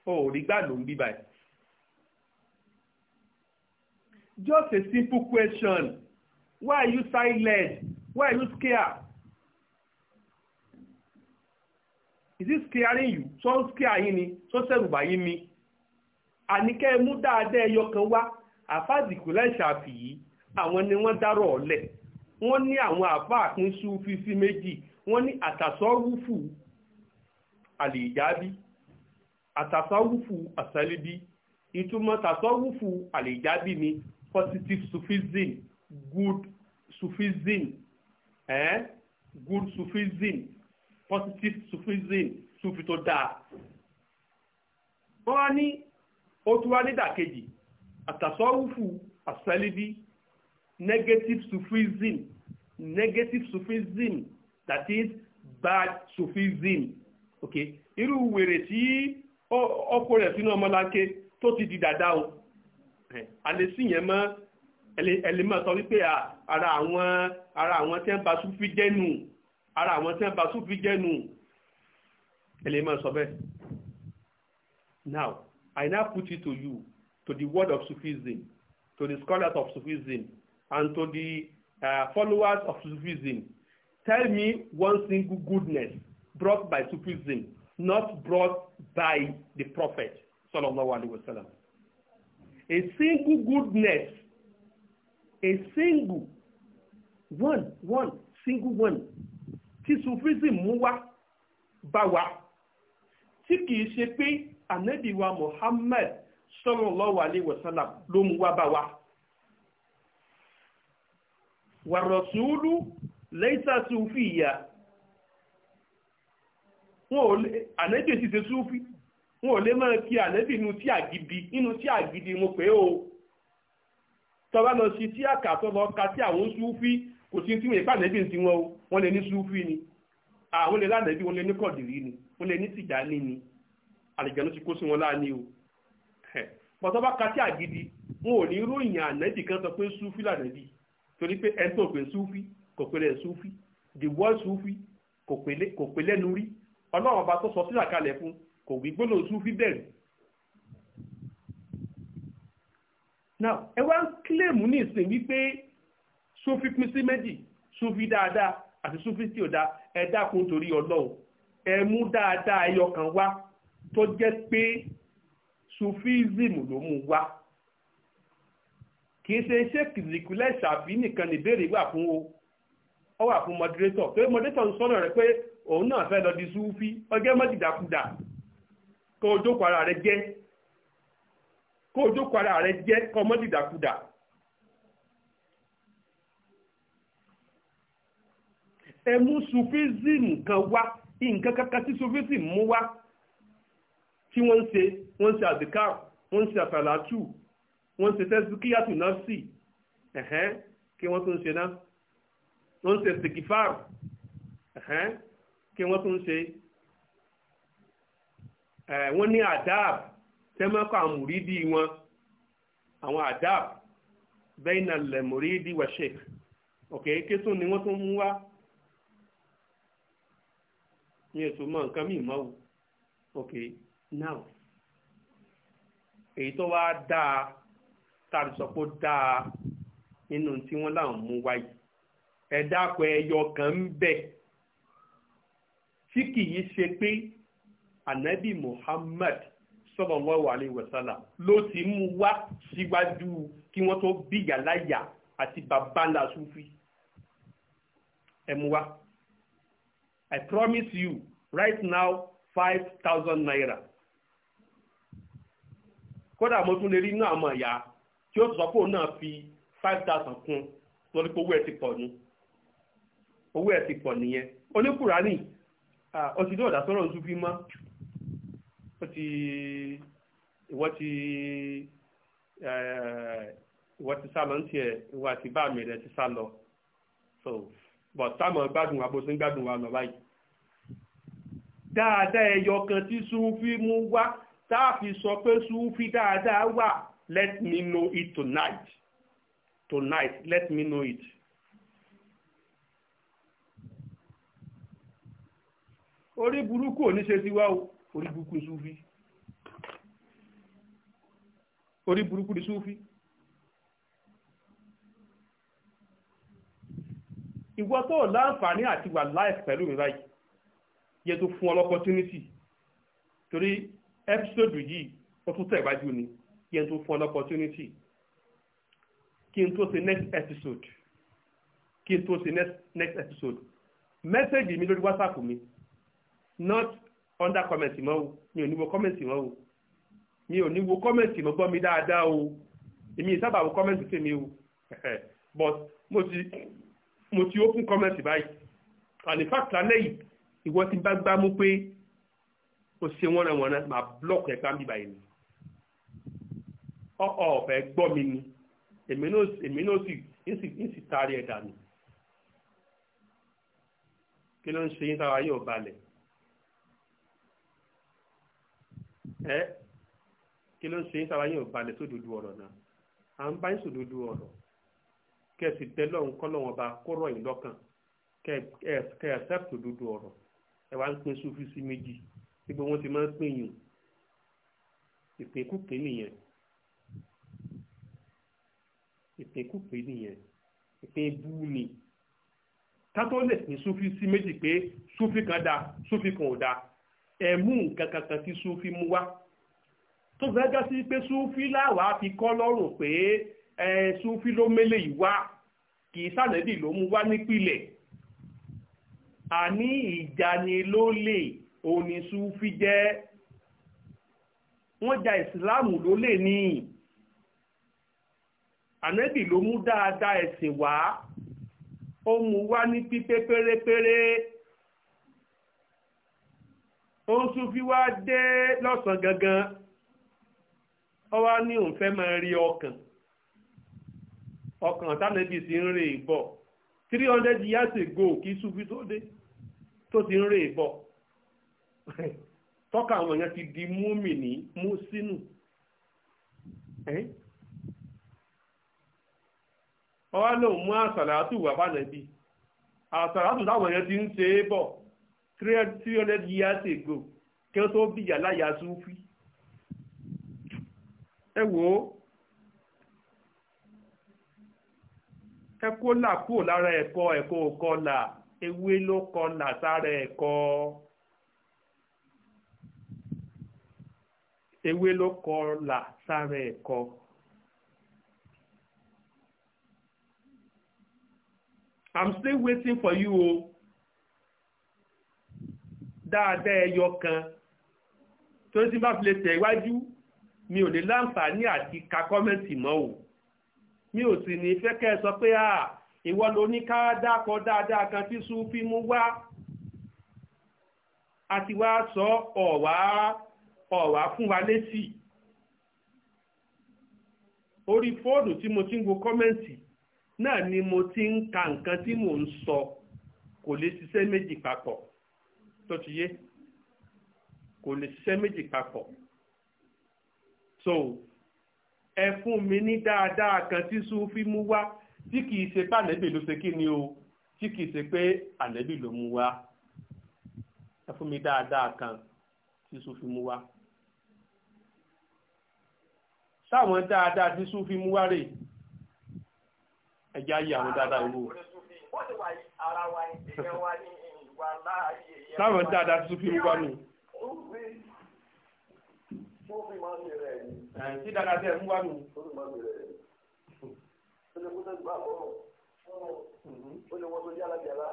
o ò rí gbà ló ń bí báyìí. Just a simple question. Why are you silent? Why are you scared? Is it scaring you? So ń scare yín ni, sọ sẹ́rùbà yín ni. Àníkẹ́ mú dáadáa ẹyọ kan wá, àfáàdìkú láìṣàfì yìí, àwọn ni wọ́n dárò ọ̀lẹ̀. Wọ́n ní àwọn àfáà pín sú fífi méjì, wọ́n ní àtàsọ́rùfù àlè ìjábí. Atasawufu asalibi, ìtumọ̀ tàsọ́wùfù àlèjábì ni positive sufism good sufism eh? good sufism positive sufism sufi tó dáa wọ́n wá ní ó tún wá nídàkejì àtàsọ́wùfù àsálíbí negative sufism negative sufism that is bad sufism okay irú wèrè tí ọkọ rẹ̀ sínú ọmọláńké tó ti di dàda o alẹ́ sí yẹn mọ́ ẹlẹ́mọ̀ wípé ara àwọn ara àwọn tí wọ́n bá súnfì jẹ́nu ara àwọn tí wọ́n bá súnfì jẹ́nu ẹlẹ́mọ̀ bẹ́ẹ̀. Now, I now put it to you, to the word of Sufism, to the scholars of Sufism, and to the uh, followers of Sufism. Tell me one single goodness brought by Sufism not brought by the Prophet sallallahu alaihi wasallam. A single goodness, a single one, one, single one tí Sufism mú wá bá wa tí kìí ṣe pé ànábì wa Muhammad sallallahu alaihi wasallam ló mú wá bá wa. Wàrọ̀sùlù laysa sùfìyà wọn ò lè ànẹ́bì sì ṣe súfì wọn ò lè máa kí ànẹ́bì inú tí àgidi inú tí àgidi mo pè ó tọ́ba lọ sí tí àkàtọ́ lọ ka tí àwọn súfì kò sí tí wọn ìpá ànẹ́bì ti wọn o wọn lè ní súfì ni àwọn lè lánàbì wọn lè ní kọ̀dìrí ni wọn lè ní tìjàní ni àlìjànú ti kó sí wọn láàní o pọ̀tọ́ba ka tí àgidi wọn ò ní ròyìn ànẹ́bì kan sọ pé súfì lànẹ́bì torí pé ẹni kò pè lẹ́ ọlọ́run ọba tó sọ sílà kalẹ̀ fún kò wí gbólóhùn Súfì bẹ̀rẹ̀ now ẹ wá ń kílèmù ní ìsìn wípé Súfì pín sí méjì Súfì dáadáa àti Súfì tí ò dáa ẹ dákun torí ọlọ́run ẹ mú dáadáa ẹyọ kan wá tó jẹ́ pé Súfìsìmù ló mú wá kì í ṣe iṣẹ́ kìlìkìlẹ̀ ṣàbí nìkan nìbéèrè wà fún o ọ fún moderator pé moderator ń sọ̀rọ̀ rẹ̀ pé òun náà fẹ́ lọ di súúfí ọjẹ́ mọ́dìdàkudà kó o jókòó ara rẹ jẹ́ kó o jókòó ara rẹ jẹ́ kó o mọ́dìdàkudà. ẹ mú sufism kan wá nǹkan kankan tí sufism mú wá tí wọ́n ń ṣe wọ́n ń ṣe àdìkà wọ́n ń ṣe àfàlàtù wọ́n ń ṣe tẹ́síkíyàtù nọ́ọ̀sì kí wọ́n tún ṣe náà wọ́n ń ṣe sìkìfàr kí wọ́n tún ṣe wọ́n ní adab tẹ́mọ́kọ̀ àwọn mùrídì wọn àwọn adab bẹ́ẹ̀nà lẹ̀ mùrídì wà sheik ok kí tún ni wọ́n tún mú wá ní ètò mọ́ nǹkan mí mọ́ ok now èyí tó wá dáa tàbí sọ pé dáa nínú tí wọ́n láwọn mú wáyé ẹ dákọ̀ ẹyọ kan ń bẹ tí kìí ṣe pé ànábì Muhammad sallallahu alaihi wasallam ló ti mú wá síwájú kí wọ́n tó bíyà láyà àti bàbá ńlá sufi ẹ mú wá I promise you right now five thousand naira kódà mo tún lè rí inú àmọ́ ìyá tí ó sọ pé òun náà fi five thousand kún lórí pé owó ẹ̀ ti pọ̀ ni owó ẹ̀ ti pọ̀ nìyẹn oníkùránì ó ti dé ọ̀dà sọ̀rọ̀ ṣúfí mọ́ ó ti ìwọ́ ti eh, ìwọ́ ti sálọ ní tiẹ̀ ìwọ́ àti bá mi rẹ̀ ti sálọ so but táwọn gbádùn wa bó ṣe ń gbádùn wa lọ báyìí dáadáa ẹyọ kan tí ṣúfí mú wá tá a fi sọ pé ṣúfí dáadáa wà let me know it tonight tonight let me know it. orí burúkú ò ní ṣe tiwa o orí burúkú ni súfì orí burúkú ni súfì. ìwọ tó láǹfààní àti wà láìsí pẹ̀lú mi báyìí yẹ tó fún ọ lọ́pọ̀tínítì torí ẹ́písòdù yìí ó tún tẹ̀wájú ni yẹ tó fún ọ lọ́pọ̀tínítì kí n tó ṣe next episode kí n tó ṣe next next episode mẹ́sẹ̀gì mi lórí wásaàpù mi 0244 not under comment mọ́ o mi ò ní wo comment mọ́ o mi ò ní wo comment mọ́ gbọ́ mi dáadáa o èmi ìsábà wo comment tèmi o but mo ti mo ti open comment báyìí and in fact lálẹ́ yìí ìwọ ti bá gbá mú pé o ṣe wọ́nàwọ́nà máa block ẹ̀ka ń bíbá yìí ni ọ̀ọ́ ọ̀fẹ́ gbọ́ mi ni èmi náà sì ń sì taari ẹ̀ dànù kí ló ń ṣe yín táwa yóò balẹ̀ ẹ kí ló ń ṣe sára yóò balẹ̀ sódodo ọ̀rọ̀ náà à ń bá yín sòdodo ọ̀rọ̀ kẹ́ ẹ sì bẹ́ lọ́hùn kọ́ lọ́wọ́n bá kó rọ̀ yín lọ́kàn kẹ́ ẹ accept òdodo ọ̀rọ̀ ẹ wá ń pín sufi sí méjì gbogbo wọn ti máa ń pín yùn ìpínkúpé nìyẹn ìpínkúpé nìyẹn ìpín bú ni ká tó lè pín sufi sí méjì pé sufi kan dáa sufi kan ò dáa ẹ̀mú nǹkan kankan tí súfì mú wá tó fẹ́ já sí pé súfì láwàá fi kọ́ lọ́rùn pé ẹ súfì ló mélé yìí wá kì í sànẹ́dì ló mú wá nípìlẹ̀ àní ìjanilólè òní súfì jẹ́ wọ́n ja ìsìláàmù lólè ní ànẹ́bì ló mú dáadáa ẹ̀sìn wá ó mú wá ní pípé pérépéré. Pere, pere ó ń tún fi wá dé lọ́sàn gangan ọ wá ní òun fẹ́ máa rí ọkàn ọkàn tánàbì sí ń rè bọ̀ three hundred years ago kí sufi tó dé tó ti ń rè bọ̀ tọ́ka àwọn èèyàn ti di múmìnì mú sínú ọwá lóun mú àsàlátù wà bá nàbí àsàlátù táwọn èèyàn ti ń ṣe é bọ̀. three hundred years ago kí wọ́n tó bìyà láyà ẹ là kúrò lára ẹ̀kọ́ ẹ̀kọ́ ewé ló I'm still waiting for you o. dáadáa ẹyọ kan tó ti bá fi lè tẹ̀ iwájú mi ò ní láǹfààní àti ka kọ́mẹ́ǹtì mọ́ o mi ò sì ní fẹ́ kẹ́ ẹ sọ pé à ìwọ ló ní ká dákọ dáadáa kan tí Sufi mú wá àti wá sọ ọ̀wá ọ̀wá fún wa lésì orí fóònù tí mo ti ń wo kọ́mẹ́ǹtì náà ni mo ti ń ka nǹkan tí mò ń sọ kò lè ṣiṣẹ́ méjì papọ̀. tó ti yé kò lè ṣiṣẹ́ méjì papọ̀ so ẹ fún mi ní dáadáa kan tí sufi mú wá tí kìí ṣe pé ànẹ́bì ló ṣe kí ni o tí kìí ṣe pé ànẹ́bì ló mú wá ẹ fún mi dáadáa kan tí sufi mú wá sáwọn dáadáa tí sufi mú wá rè ẹjá yí àwọn dáadáa ìwò. ó ti wà ara wa ìdílé wa ní ìwà láàyè táwọn dáadáa tó fi ń wá mi. tí dáadáa tẹ̀ ń wá mi. ó lè mhm. wọ́n tó yára yàrá.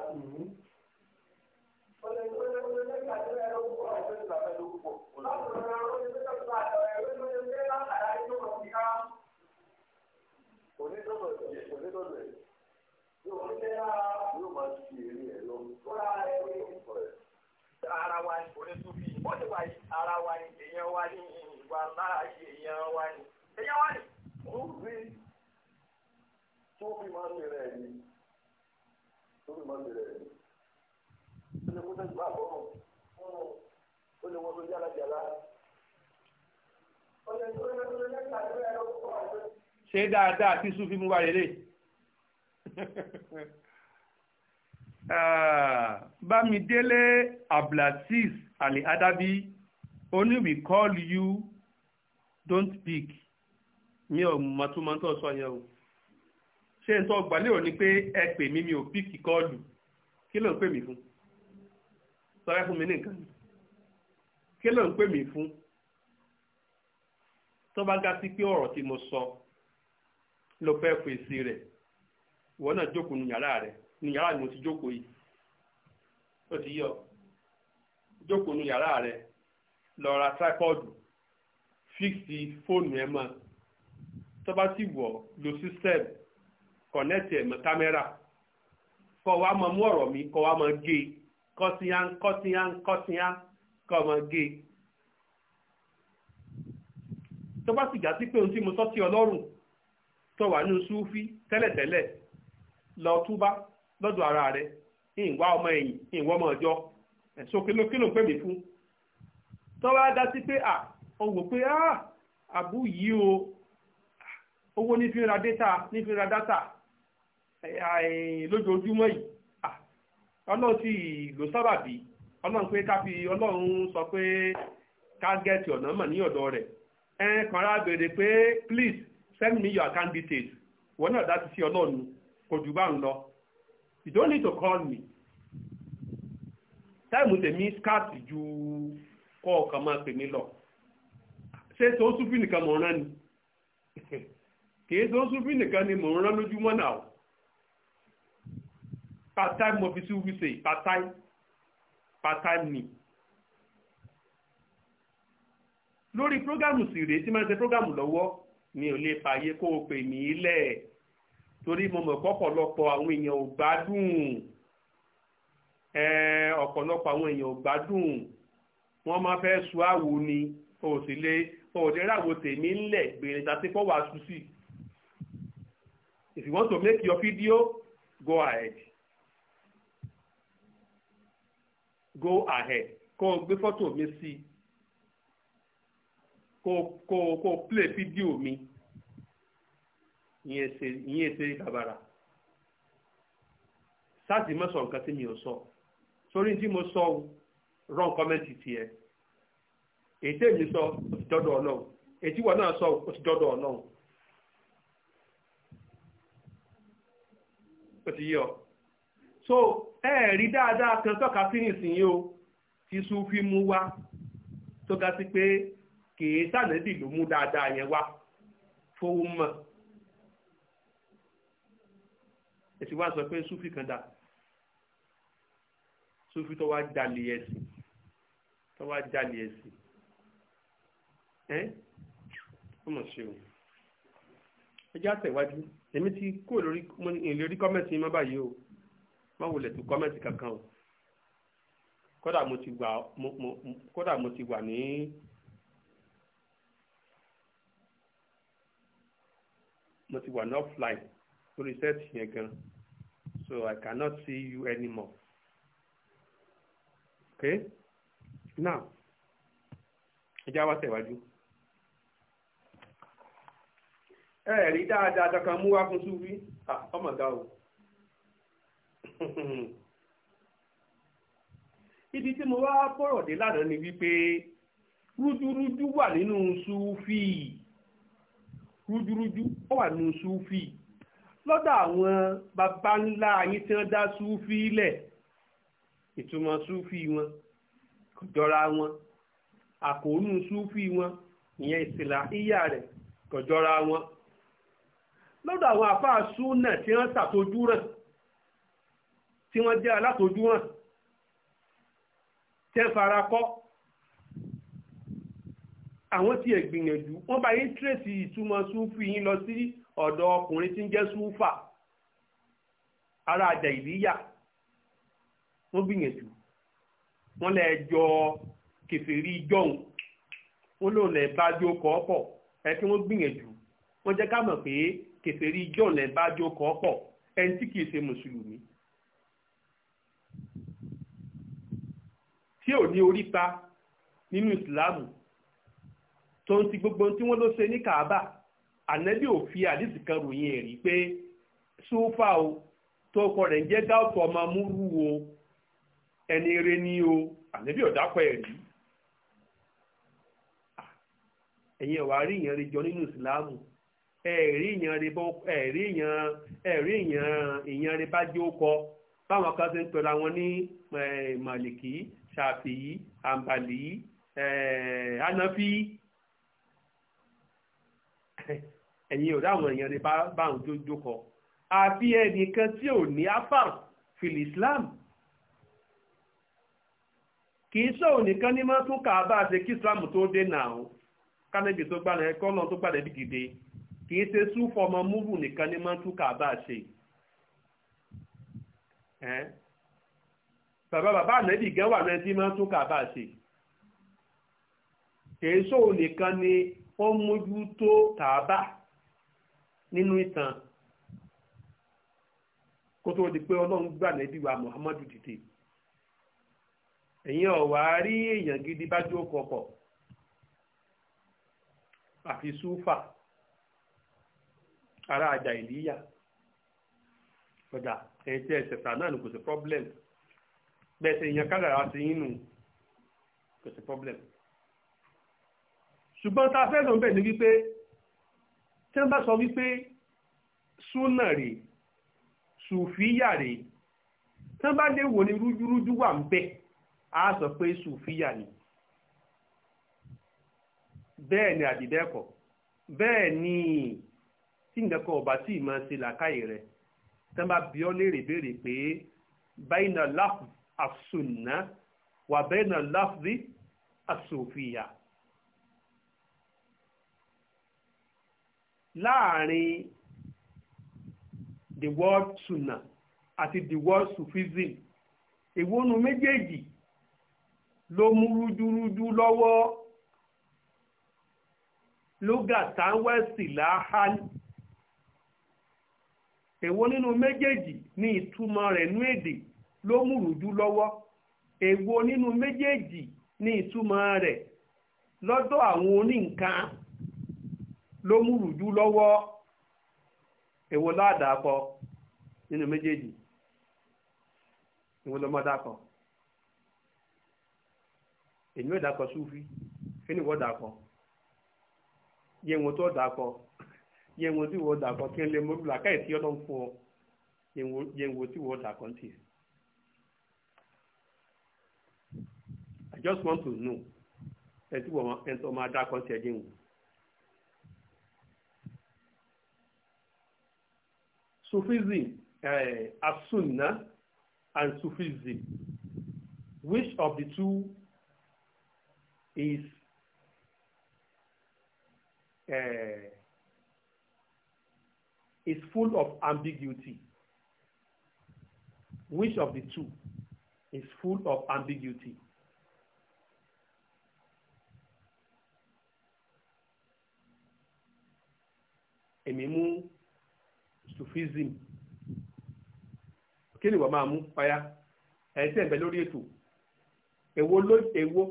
tó fi máa ń bẹ̀rẹ̀ ẹ̀mí tó fi máa ń bẹ̀rẹ̀ ẹ̀mí ó lè kó sẹ́yìn bá àbọ̀mọ̀ ó lè wọ́n tó yára jàlá. ṣé dáadáa tí sùn fi mú wa lélẹ̀ bámidélé abdulaziz ali adabi only we call you don't speak mi ò mọ̀túmọ̀ tó sọ yẹn o ṣé n tó gbà lérò ni pé ẹ pè mí mi ò píkì kọ́ọ̀lù kí ló ń pè mí fún sọ̀rọ̀ fún mi ní nǹkan kí ló ń pè mí fún tó bá ga sí pé ọ̀rọ̀ tí mo sọ ló fẹ́ fèsì rẹ̀ ìwọ náà jókòó ní yàrá rẹ̀ ní yàrá ni mo ti jókòó yìí ó ti yọ jókòó ní yàrá rẹ̀ lọ ra tripod fíìsì fóònù ẹ̀ mọ́ tó bá sì wọ̀ lo system kọ̀nẹ́tì ẹ̀mọ́ kamera kọ́ wa máa mú ọ̀rọ̀ mi kọ́ wa máa gé e kọ́síyá kọ́síyá kọ́síyá kọ́ máa gé e. tó bá sì já sí pé ohun tí mo sọ sí ọlọ́run tó wà nínú súfí tẹ́lẹ̀tẹ́lẹ̀ lọ túbá lọ́dọ̀ ara rẹ ìwà ọmọ ẹ̀yìn ìwà ọmọ ọjọ́ ẹ̀sùn kílókíló pè mí fún tó bá dá sí pé à ó wò pé à àbú yìí o owó ní ra dátà ní ra dátà lójoojúmọ́ yìí ọlọ́run ti lò sábàbí ọlọ́run pé ká fi ọlọ́run sọ pé ká gẹ̀ẹ́tì ọ̀nà mọ̀ ní ọ̀dọ̀ rẹ̀ ẹ kànra béèrè pé please send me your account details wọn náà dá ti sí ọlọ́run kò jù bá ń lọ you don't need to call me táìmù tèmi skáàtì ju kọ́ ọ̀kan máa pè mí lọ ṣé tó súnfì nìkan mọ̀ ń rán ni kì í tó súnfì nìkan ni ń rán lójúmọ́ náà part time mo fi sí wíṣe part time part time ni lórí prógámù sì rèé tí máa ń ṣe prógámù lọ́wọ́ mi ò lè fààyè kó o pè mí lẹ̀ torí mo mọ̀ pọ̀pọ̀lọpọ̀ àwọn èèyàn ò gbádùn ọ̀pọ̀lọpọ̀ àwọn èèyàn ò gbádùn wọ́n máa fẹ́ su àwo ni o sì lè o lè ráwo tèmi ńlẹ̀ gbèrè tàbí fọwọ́ àṣù if you want to make your video go ahead. go ahead kó gbé fọ́tò mi sí i ko play fídíò mi ìyẹn ṣe ìyẹn ṣe kàbàrà sáàtì mọ́sọ̀ nǹkan tí mi ò sọ sórí tí mo sọ wrong comment tiẹ̀ èyí tí sọ ó ti dọ́dọ̀ ọlọ́run èyí wọn náà sọ ó so ẹ̀ẹ̀rí dáadáa kan tọ́ka sí nìsín o tí sufi mú wá tó ga sí pé kìí sànẹ́bì ló mú dáadáa yẹn wá fowó mọ̀ èsì wá sọ pé sufi kan dà sufi tó wá jalè ẹ̀sìn tó wá jalè ẹ̀sìn ẹ́ ọmọ ṣeun ẹjẹ́ àtẹ̀wájú èmi ti kúrò lórí kọ́mẹ́ǹtì yín mọ́ báyìí o má wulẹ̀ tún kọ́mẹ́ǹtì kankan o kódà mo ti wà mo mo kódà mo ti wà ní mo ti wà ní offline lórí sẹ́ẹ̀tì yẹn gan so I cannot see you anymore okay now ẹ já wá tẹ̀wájú ẹ̀rí dáadáa kankan mú wá fún súwí ọmọ ga o. ibi tí mo wá bọ̀rọ̀ dé lánàá ni wípé rújúrújú wà nínú súfì rújúrújú ó wà nínú súfì lọ́dọ̀ àwọn baba ńlá ayé tí wọ́n dá súfì lẹ̀ ìtumọ̀ súfì wọn kò jọra wọn àkóónú súfì wọn ìyẹn ìsìlá ìyá rẹ̀ kò jọra wọn lọ́dọ̀ àwọn àfáà súnà tí wọ́n ṣàtọ́jú rẹ̀ tí wọ́n jẹ́ alátojú hàn tẹ́ fara kọ́ àwọn tí ẹ̀ gbìyànjú wọ́n bá yín tírèsì ìtumọ̀ súnfì yín lọ sí ọ̀dọ̀ ọkùnrin tí ń jẹ́ súnfà ara àjà ìbíyà wọ́n gbìyànjú wọ́n lè jọ kẹfìrí jọ̀hún wọ́n lò lè bá jó kọ́ pọ̀ ẹ kí wọ́n gbìyànjú wọ́n jẹ́ ká mọ̀ pé kẹfìrí jọ̀hún lè bá jó kọ́ pọ̀ ẹni tí kìí ṣe mùsùlùmí tí ò ní oríta nínú ìsìláàmù tó ń ti gbogbo tí wọ́n ló ṣe ní Kaaba ànẹ́bí ò fi àdìsí kan ròyìn ẹ̀rí pé sófà o tó kọ rẹ̀ ń jẹ́ o ẹni eré ní o ànẹ́bí ò dákọ̀ ẹ̀rí ẹ̀yin ẹ̀wà rí ìyẹn rí jọ nínú ẹ̀rí ìyẹn rí bá jẹ́ ó kọ báwọn kan ń pẹ̀lú àwọn ní ṣàfihì àǹbàlì ànáfí ẹ̀yin ọ̀dọ́ àwọn èèyàn ni bá ń jójó kọ àfi ẹnìkan tí ò ní afar fìlì islam kì í sọ̀rọ̀ nìkan ní máa tún kà á bá a ṣe kí islam tó dé náà kánẹ́bì tó gbàdá ẹ̀kọ́ náà tó gbàdá ẹ̀bí dìde kì í ṣe sún fọmọ múrù nìkan ní máa tún kà á bá a ṣe bàbá bàbá ànẹ́bì gan wà lẹ́ni tí máa ń tún kàbá ṣe kìí sóò nìkan ni ó mójú tó kàbá nínú ìtàn kó tó di pé ọlọ́run gbà ànẹ́bì wa Muhammadu dìde èyí ọ̀wà rí èèyàn gidi bá jókòó pọ̀ àfi súfà ara àjà ìlíyà ọjà ẹ̀yìn tí ẹ̀sẹ̀ fà náà ni kò sí problem bẹ́ẹ̀sẹ̀ èèyàn kádàrá sí inú kò sí problem ṣùgbọ́n ta fẹ́ lọ bẹ̀ ní wípé tí wọ́n bá sọ wípé súnà rè sùfíyà rè tí wọ́n bá lè wò ní rújúrújú wà ń bẹ̀ á sọ pé sùfíyà ni bẹ́ẹ̀ ni àdìbẹ́kọ̀ bẹ́ẹ̀ ni tí nǹkan kan ọba tí ì máa ṣe làákàyè rẹ̀ tí wọ́n bá bi ọ́ léèrè béèrè pé báyìí náà láàkùn àsùnà wà bẹ́ẹ̀nà láfdí àsòfìyà láàrin the word sunna àti the word sufism ìwọ́nu méjèèjì ló mú rújúrújú lọ́wọ́ lógàtà wẹ́sì láhán èwo nínú méjèèjì ní ìtumọ̀ rẹ̀ nú èdè ló mú rújú lọ́wọ́ èwo nínú méjèèjì ní ìtumọ̀ rẹ̀ lọ́dọ̀ àwọn oníǹkan ló mú rújú lọ́wọ́ èwo ládàákọ nínú méjèèjì èwo lọ́mọ dákọ èmi ò dákọ súfì kíni wọ́n dákọ yẹ wọn tó dákọ yẹ wọn tí wọ́n dákọ kí n lè mọ́rùlá káyìí tí ọlọ́run fún ọ yẹ wọn tí wọ́n dákọ ń just want to know ẹni tí wọ́n ẹni tó máa dá kọ́ńtì ẹ̀jẹ̀ wò. Sufism uh, eh, asunna and Sufism which of the two is uh, is full of ambiguity which of the two is full of ambiguity. èmi mú sufism kí ni wọ́n máa mú payá ẹ̀yìn tí ẹ̀ ń bẹ lórí ètò èwo ló èwo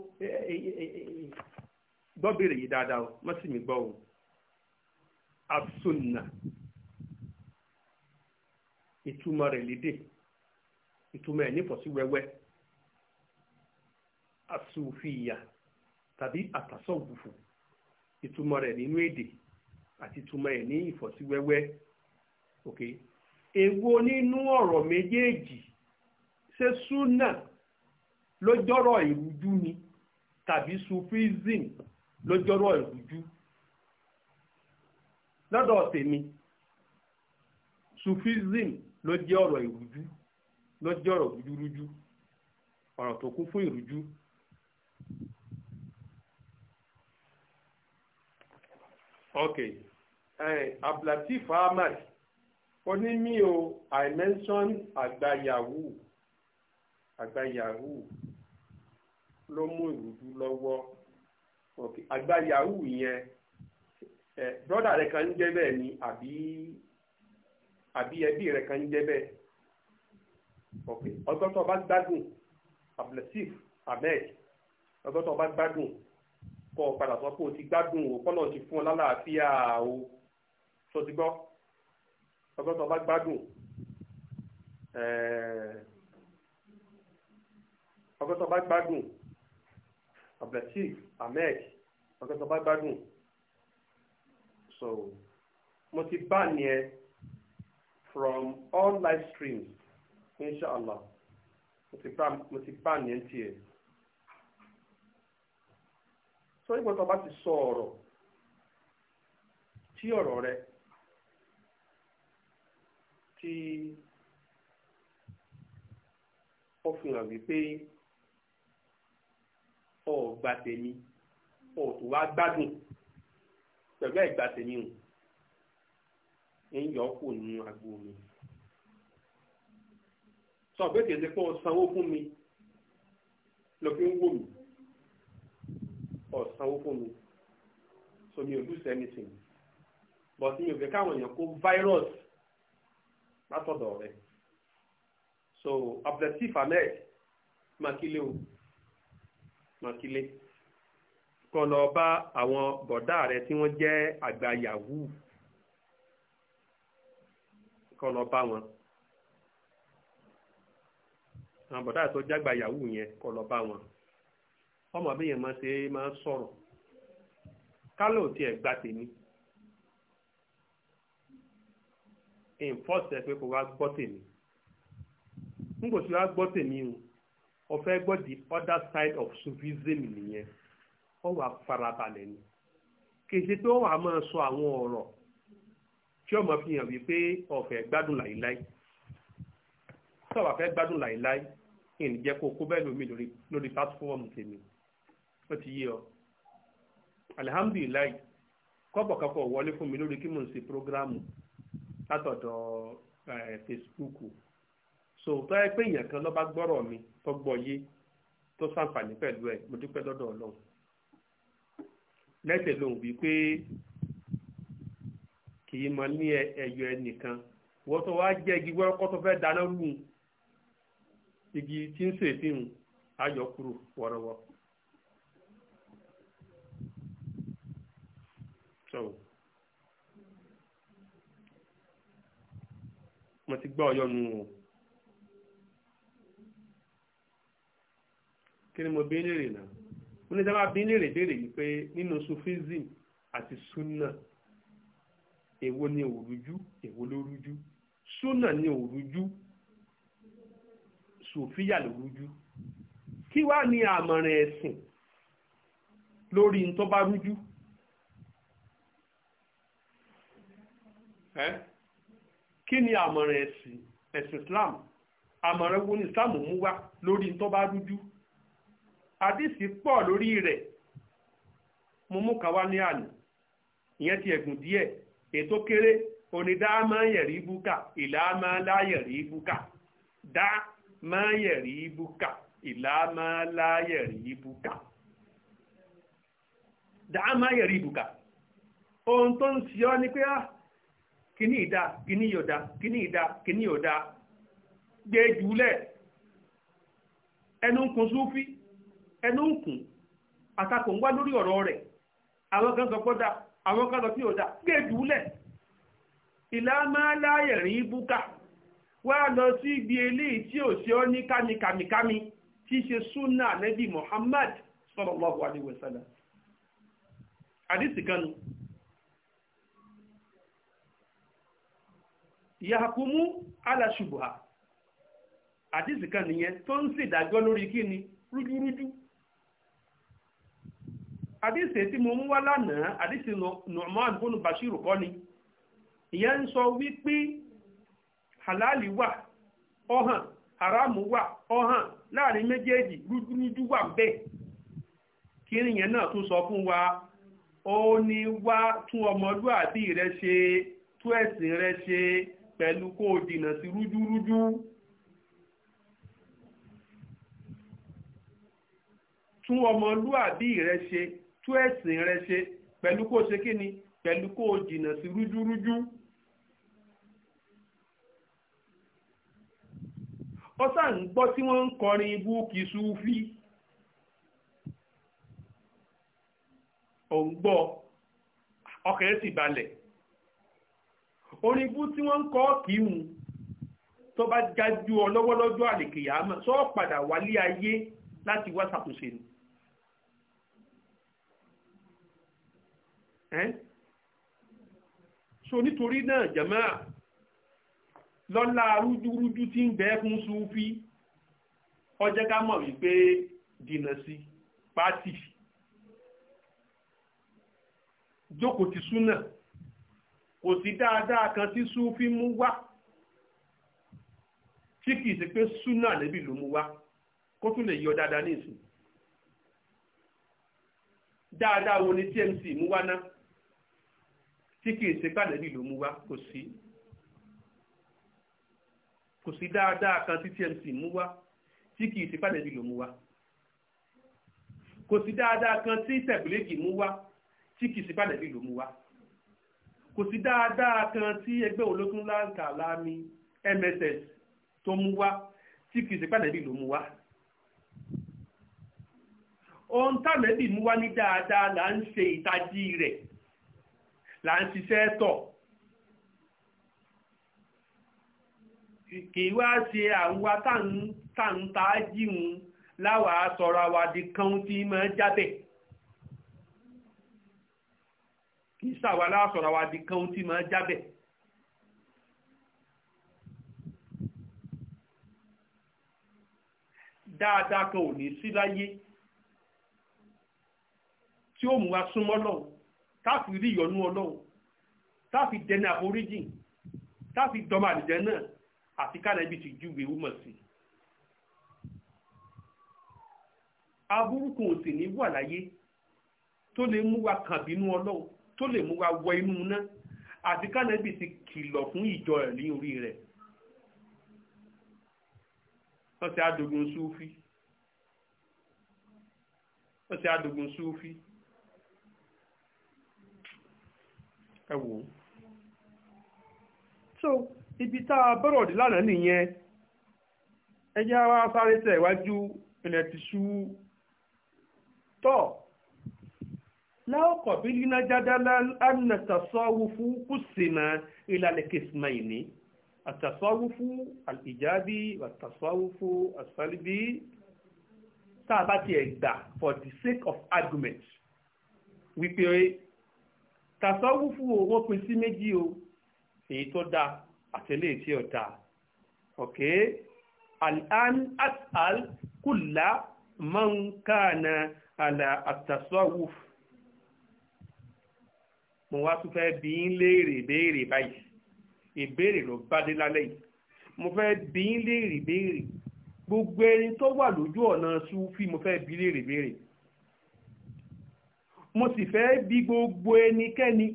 gbọ́ bèrè yìí dáadáa o má sì mí gbọ́ o asunna ìtumọ̀ rẹ̀ lédè ìtumọ̀ ẹ̀ nífọ̀sí wẹ́wẹ́ asufiya tàbí àtàsọ̀wùfù ìtumọ̀ rẹ̀ nínú èdè àti túmọ̀ ẹ̀ ní ìfọ́síwẹ́wẹ́ ok èwo nínú ọ̀rọ̀ méjèèjì ṣé súnà lójọ́rọ̀ ìrújú ni tàbí sufism lójọ́rọ̀ ìrújú lọ́dọ̀ tèmi sufism ló jẹ́ ọ̀rọ̀ ìrújú ló jẹ́ ọ̀rọ̀ rújúrújú ọ̀rọ̀ tó kún fún ìrújú okay Eh, Abdulateef Ahmad ó ní mi ò I mention àgbà yahoo àgbà yahoo ló mú ìrújú lọ́wọ́ àgbà yahoo yẹn eh, brọ́dà rẹ̀ kan ń jẹ́ bẹ́ẹ̀ ni àbí àbí ẹbí rẹ̀ kan ń jẹ́ bẹ́ẹ̀ ọgọ́tọ̀ bá gbádùn Abdulateef Ahmed ọgọ́tọ̀ bá gbádùn kọ́ padà sọ pé o ti gbádùn o kọ́nà ti fún ọ lálàáfíà o tó ti gbọ́ ọgbọ́n tó bá gbádùn ọgbọ́n tó bá gbádùn abdulrasheed ahmed ọgbọ́n tó bá gbádùn so mo ti bá nìyẹn from all live streams inshallah mo ti bá nìyẹn tiẹ̀ so nígbà tó bá ti sọ ọ̀rọ̀ tí ọ̀rọ̀ rẹ̀ tí ó fi hàn wípé ó gba tèmi ó tó wá gbádùn pẹ̀lú ẹ̀gbà tèmi o ń yọ kù nínú agbo mi sọ pé kìí ṣe pé o sanwó fún mi ló fi ń wò mí o sanwó fún mi so mi ò lose anything but mi ò fẹ́ káwọn èèyàn kó virus látọ̀dọ̀ rẹ̀ so abdulatif ahmed makile o makile kó lọ bá àwọn bọ̀dá rẹ̀ tí wọ́n jẹ́ àgbà yahoo kó lọ bá wọn àwọn bọ̀dá tó jágbà yahoo yẹn kó lọ bá wọn ọmọ máa ṣe máa sọ̀rọ̀ kálọ̀ tiẹ̀ gba tèmi. enforce ẹ pé kò wá gbọ́ tèmi n kò sí wá gbọ́ tèmi o o fẹ́ gbọ́ the other side of sufism nìyẹn ó wà farabalẹ̀ ni kì í ṣe pé ó wà máa sọ àwọn ọ̀rọ̀ tí ọmọ fi hàn wípé o fẹ́ gbádùn láìláì tí o bá fẹ́ gbádùn láìláì ìní jẹ́ kó kó bẹ́ẹ̀ lómi lórí platform tèmi ó ti yé ọ alihamdulilayi kọ́bọ̀ kankan wọlé fún mi lórí kí mò ń ṣe programu. látọ̀dọ̀ eh, Facebook so tó yẹ pé èèyàn kan bá gbọ́rọ̀ mi tó gbọ́ yé tó pẹ̀lú ẹ̀ mo dúpẹ́ lọ́dọ̀ Ọlọ́run lẹ́tẹ̀ lòun bíi pé kì í mọ ní ẹyọ ẹnìkan wọ́n tó wá jẹ́ igi tó igi tí ń ayọ̀ kúrò wọ́rọ́wọ́. mo ti gbọ́ ọyọ́ nu o kí ni mo bí léèrè náà mo ní sábà bí léèrè léèrè yìí pé nínú sufism àti sunna èwo ni òrújú èwo ló rújú sunna ni òrújú sùfíyà ló rújú kí wá ní àmọ̀ràn ẹ̀sìn lórí ntọ́ bá rújú. Eh? kí ni àmọ̀ràn ẹ̀sìn ẹ̀sìn Islam àmọ̀ràn wo ni Islam mú wá lórí tó bá rújú àdìsí pọ̀ lórí rẹ̀ mo mú kan wá ní àná ìyẹn ti ẹ̀gùn díẹ̀ ètò kéré onídá máa ń yẹ̀rí búkà ìlà máa láyẹ̀rí búkà dá máa yẹ̀rí búkà ìlà máa láyẹ̀rí búkà dá máa yẹ̀rí búkà ohun tó ń ṣe ọ́ ni pé ah Kini ìdá kini yọ̀dá kíní ìdá kíní yọ̀dá gbé jùlẹ̀ ẹnu nkun kun ẹnu nkun kun lori wá lórí ọ̀rọ̀ rẹ̀ àwọn kan sọ gbọ́dá àwọn kan sọ tí gbé lọ sí ibi eléyìí tí ò ṣe ọ́ ní kami tí ṣe súnà nẹ́bí Muhammad sallallahu alaihi wasallam àdìsí kanu yahakumu alashubuha àdìsí kan nìyẹn tó ń ṣèdájọ́ lórí kíni rújúrújú àdìsí tí mo mú wá lánàá àdìsí Nu'man bónú Bashir kọ́ ni ìyẹn ń sọ wípé halali wà ọ̀hàn haramu wà ọ̀hàn láàrin méjèèjì rújúrújú wà bẹ́ẹ̀ kí nìyẹn náà tún sọ fún wa ó ní wá tún ọmọlúàbí rẹ ṣe tún ẹ̀sìn rẹ ṣe pẹ̀lú kó o dìnà sí rújúrújú tún ọmọlúàbí rẹ ṣe tún ẹ̀sìn rẹ ṣe pẹ̀lú kó o ṣe kí ni pẹ̀lú kó o dìnà sí rújúrújú. ó ń gbọ́ tí wọ́n ń kọrin ibú kìí súfì. ò ń gbọ́ ọkàn sì balẹ̀ orin ibú tí wọ́n ń kọ́ kìíhùn tó bá jájú ọ lọ́wọ́ lọ́jọ́ àlèkèyà àmọ́ sọ padà wálé ayé láti wá ṣàtúnṣe ni. so nítorí náà jàmáà lọ́lá rújúrújú tí ń bẹ́ẹ̀ fún súfí ọjẹ́ ká mọ̀ wípé dìnà sí pátì jókòó ti súnà kò sí dáadáa kan tí súfí mú wá tí kìí ṣe pé súnà lẹ́bí ló mú wá kó tún lè yọ dáadáa ní ìsìn dáadáa wo ni TMC mú wá ná tí kìí ṣe gbàlẹ́bí ló mú wá kò sí kò sí dáadáa kan tí TMC mú wá tí kìí ṣe gbàlẹ́bí ló mú wá kò sí dáadáa kan tí tẹ̀bílẹ́kì mú wá tí kìí ṣe gbàlẹ́bí ló mú wá kò sí dáadáa kan tí ẹgbẹ́ ológun láǹkà láàmì mss tó mú wá tí kìí ṣe pàdébì ló mú wá ohun tàbí mú wá ní dáadáa là ń ṣe ìtají rẹ̀ là ń ṣiṣẹ́ tọ̀ kì wá ṣe àwa táǹtà jíhun láwàá sọ̀rọ̀ àwàdì kan tí máa jábẹ̀. kì í ṣàwa láàsọ̀rọ̀ àwa di kan tí máa jábẹ̀. dáadáa kan ò ní sí láyé tí ó mú wa súnmọ́ lọ́wọ́ táàfi rí ìyọnú ọlọ́run táàfi dẹni àforíjìn táàfi dọmọ àdìjẹ náà àti kálẹ̀ ibi tí júwe wúmọ̀ sí. aburú kan ní wà láyé tó lè mú wa kàn bínú ọlọ́run tó lè mú wa wọ inú iná àti kánẹ́bì ti kìlọ̀ fún ìjọ rẹ̀ ní orí rẹ̀ wọ́n ti adogun súfí wọ́n so ibi tá a bọ̀rọ̀ dé lánàá nìyẹn ẹ jẹ́ wá sáré tẹ̀ iwájú ilẹ̀ ti ṣú tọ́ láòkọ̀ bí lína jádálá anna tasawufu kusima ìlàlẹ̀ kìsìmà ìní àtasawufu àlìjábí àtasawufu àsálíbí tá a bá tiẹ̀ gbà for the sake of argument wípé tasawufu o wọ́n pín sí méjì o èyí tó dáa àtẹ̀lé tí ó ok al'an as'al kulla man ala at mo wá tún fẹ́ bi yín léèrè béèrè báyìí ìbéèrè ló bá dé lálẹ́ yìí mo fẹ́ bi yín léèrè béèrè gbogbo ẹni tó wà lójú ọ̀nà sufi mo fẹ́ bi léèrè béèrè mo sì fẹ́ bi gbogbo ẹnikẹ́ni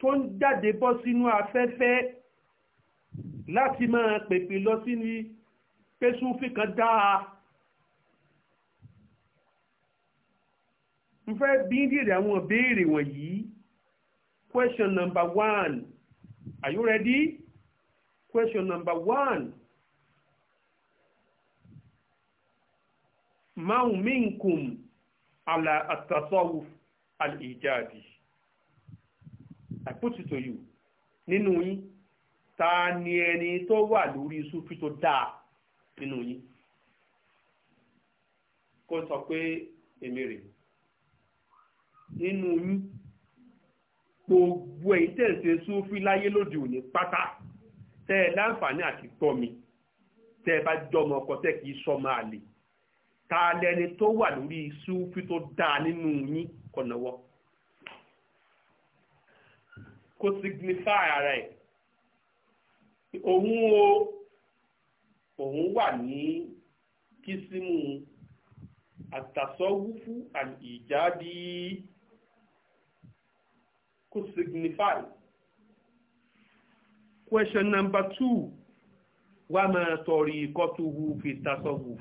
tó ń jáde bọ́ sínú afẹ́fẹ́ láti máa pèpè lọ sínú pé sufi kan dáa mo fẹ́ bi léèrè àwọn béèrè wọ̀nyí. Question number one. Are you ready? Question number one. Man minkum ala at-tasawuf al I put it to you. Nínú yín, ta ni ẹni tó wà lórí Súfí tó dáa nínú yín? Kó sọ pé èmi rè. Nínú yín gbogbo ẹ̀yin tẹ̀ ń ṣe súnfí láyé lóde òní pátá tẹ́ ẹ láǹfààní àti tọ́ mi tẹ́ ẹ bá jọmọ ọkọ tẹ́ kì í sọmọ àlè ta lẹni tó wà lórí súnfí tó dáa nínú yín kọ̀nàwọ́ kó signify ara ẹ̀ òun o òun wà ní kìsímù àtàsọ́wúfú àti ìjáde. Could signify. question number two wàá máa tọrí ìkọ́tuhu fi tasọ́wù.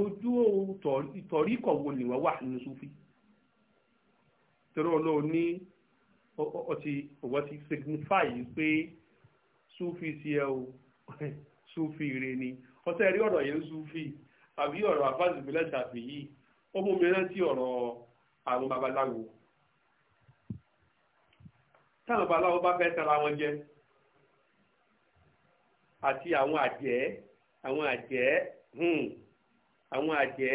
ojú ìtọ̀rí kọ̀wọ́ ni wọ́n wà nínú sufi torí ọlọ́run ní ọtí ọwọ́ ti signify pé sufi ti ẹ o sufi rẹ ni ọtẹ́ rí ọ̀rọ̀ yẹn sufi àbí ọ̀rọ̀ àfáàsì ìbílẹ̀ tàbí yìí ó mú mi rántí ọ̀rọ̀ àwọn babaláwo táwọn babaláwo bá fẹ́ tara wọn jẹ àti àwọn àjẹ́ àwọn àjẹ́ hmm, àwọn àjẹ́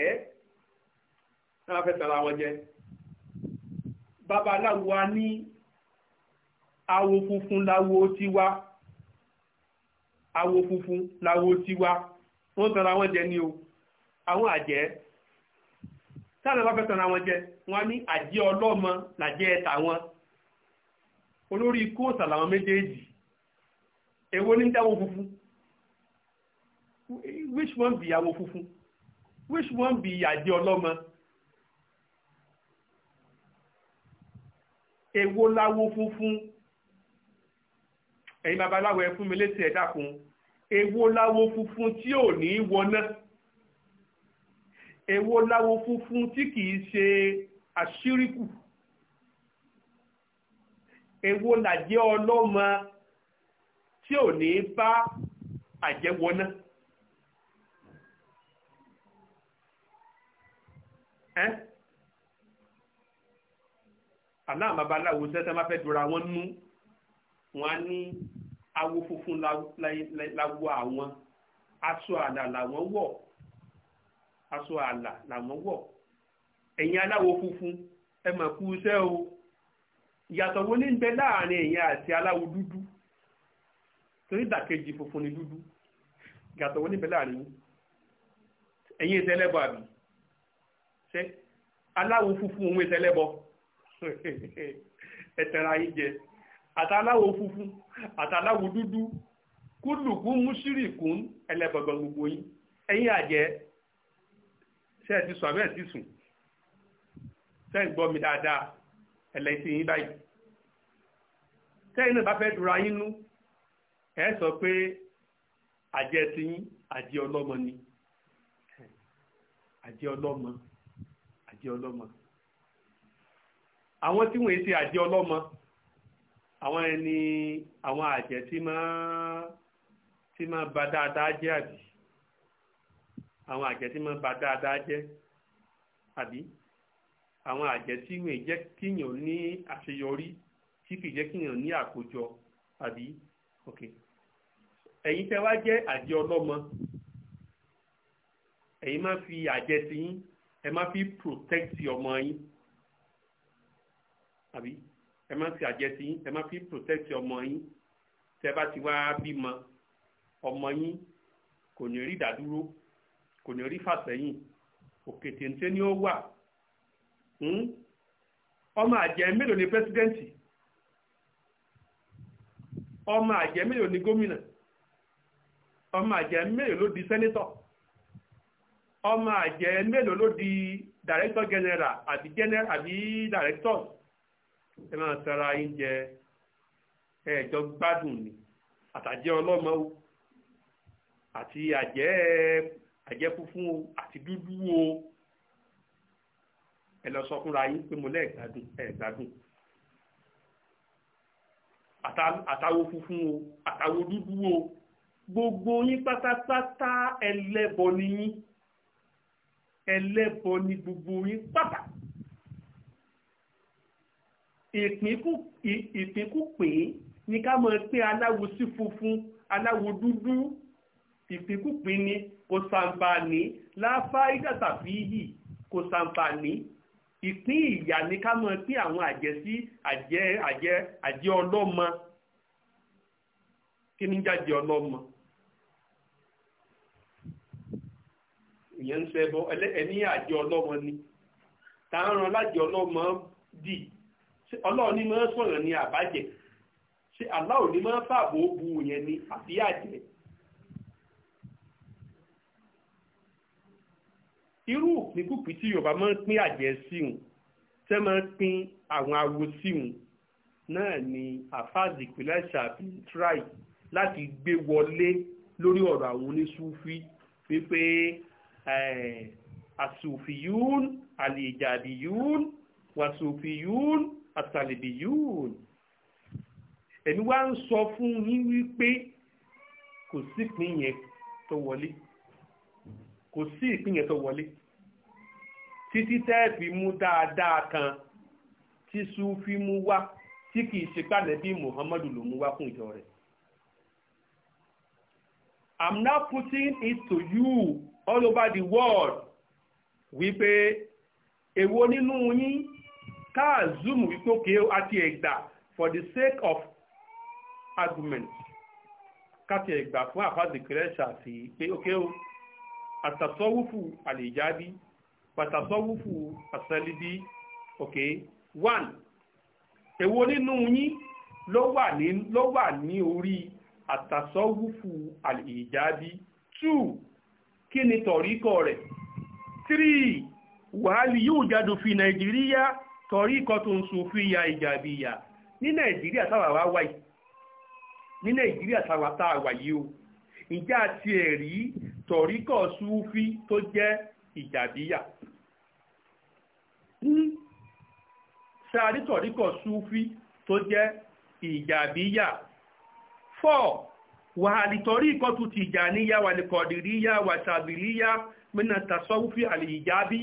táwọn fẹ́ tara wọn jẹ babaláwo wa ní awo funfun láwo tiwa awo funfun láwo tiwa wọ́n tara wọn jẹ ní o àwọn àjẹ́ táwọn ọba fẹ́ tanra wọn jẹ wọn ní àjẹ́ ọlọ́mọ làjẹ́ ẹ̀ta wọn olórí ikú òsà làwọn méjèèjì èwo ní dáwọ́ funfun which one be ìyàwó funfun which one be àjẹ́ ọlọ́mọ èwo láwo funfun ẹ̀yin babaláwo ẹ fún mi létí ẹ̀ dákun èwo láwo funfun tí ò ní wọná. Ewo láwo funfun tí kìí ṣe àṣíríkù èwo làjẹ́ ọlọ́mọ tí ò ní bá àjẹwọná ẹ́ aláàmà bá láwo sẹ́sẹ́ máa fẹ́ dúra wọn nú wọn á ní awo funfun láwo àwọn aṣọ àlà làwọn wọ̀ aṣọ àlà làwọn wọ̀ ẹ̀yin aláwọ̀ funfun ẹ mà kú iṣẹ́ o ìyàtọ̀ wo ní bẹ láàrin ẹ̀yin àti aláwọ̀ dúdú torí ìdàkejì funfun ni dúdú ìyàtọ̀ wo ní bẹ láàrin ẹ̀yin ìṣẹ́lẹ́bọ̀ àbí ṣe aláwọ̀ funfun òun ìṣẹ́lẹ́bọ̀ ẹ̀tẹ̀ra yìí jẹ àtàláwọ̀ funfun àtàláwọ̀ dúdú kúlùkù mùsírìkù ẹlẹ́bọ̀gbọ̀n gbogbo yín ẹ̀yin àjẹ́ ṣé ẹ ti sùn àbẹ́ ẹ ti sùn ṣé ń gbọ́ mi dáadáa ẹlẹ́sìn yín báyìí tẹ́yìn náà bá fẹ́ dura yín nú ẹ sọ pé àjẹ ti yín àjẹ ọlọ́mọ ni àjẹ ọlọ́mọ àjẹ ọlọ́mọ àwọn tí wọ́n ṣe àjẹ ọlọ́mọ àwọn ẹni àwọn àjẹ tí máa tí máa bà dáadáa jẹ́ àbí àwọn àjẹ́ tí máa ń ba dáadáa jẹ́ àbí àwọn àjẹ́ tí wọ́n jẹ́ kíyàn ní àṣeyọrí tí kì í jẹ́ kíyàn ní àkójọ àbí ok ẹ̀yin tẹ́ wá jẹ́ àjẹ́ ọlọ́mọ ẹ̀yin máa fi àjẹ́ ti yín ẹ máa fi protect ọmọ yín àbí ẹ máa fi àjẹ́ ti yín ẹ máa fi protect ọmọ yín tẹ́ bá ti wá bímọ ọmọ yín kò ní rí ìdádúró kò ní rí fàsẹ́yìn òkè téńté ni ó wà hmm? ọmọ àjẹ mélòó ni pẹ́sidẹ́ǹtì ọmọ àjẹ mélòó ni gómìnà ọmọ àjẹ mélòó ló di sẹ́nítọ̀ ọmọ àjẹ mélòó ló di director general àbí general àbí ẹ máa yín jẹ gbádùn ni àjẹ́ funfun o àti dúdú o ẹ lọ sọ fúnra yín pé mo lẹ́ ẹ̀gbádùn ẹ̀gbádùn àtàwo funfun o àtàwo dúdú o gbogbo yín pátápátá ẹlẹ́bọ ni yín ẹlẹ́bọ ni gbogbo yín pátá ìpínkù pé ní ká mọ̀ pé aláwo sí funfun aláwo dúdú ìpínkúpín ni kò sàǹfààní láfáìdà tàbí yìí kò sàǹfààní ìpín ìyà ni ká mọ̀ pín àwọn àjẹ́ sí àjẹ́ àjẹ́ àjẹ́ ọlọ́mọ kí ni jáde ọlọ́mọ ìyẹn ń sẹ́bọ̀ ẹni àjẹ́ ọlọ́mọ ni tá ń ran lájẹ́ ọlọ́mọ dì ọlọ́run ní máa sọ̀rọ̀ ní àbájẹ́ ṣé aláwo ní fàbọ̀ òbu yẹn ni àbí àjẹ́ irú òpínkùpì tí yorùbá máa ń pín àjẹ́ síhun tẹ́ máa ń pín àwọn awo síhun náà ni àfáàzì ìpínlẹ̀ ṣàbí try, láti gbé wọlé lórí ọ̀rọ̀ àwọn oníṣúfí wípé àsùfìyún eh, àlèjàdìyún wàsùfìyún àtàlèbìyún èmi wá ń sọ fún yín wípé kò sípin yẹn tó wọlé kò sí ìpín tó wọlé títí tẹ́ẹ̀fì mú dáadáa kan tí sufi mú wá tí kì í ṣe pàdébí muhammadu ló mú wá fún ìjọ rẹ̀. I'm now putting it to you all over the world wípé èwo nínú yín káà zoom wípé òkè àti ẹ̀gbà for the sake of argument káti ẹ̀gbà fún àfáàdì kìrẹ́ṣà sí pé òkè o. Okay, àtàsọ́wùfù alijabi, pàtàsọ́wùfù asalibi, ok one èwo nínú yín ló wà ni ló wà ní orí àtàsọ́wùfù àlèjábí two kí ni tọ̀ríkọ̀ three wàhálì yóò jáde fi nàìjíríà tọ̀ríkọ̀ tó ń sùfìyà ìjàbìyà ní nàìjíríà táwa wá wáyé ní nàìjíríà táwa tá a wà o ìjà tiẹ̀ rí tọ̀ríkọ̀ súfí tó jẹ́ ìjàdíyà sáàrí tọ̀ríkọ̀ súfí tó jẹ́ ìjàdíyà four wàhálìtọ̀ríkọ̀ tó ti ìjà níyà wàlìkọ̀dìríyà wàtàbìlíyà mínà tàṣọ́wúfí àlìyàbí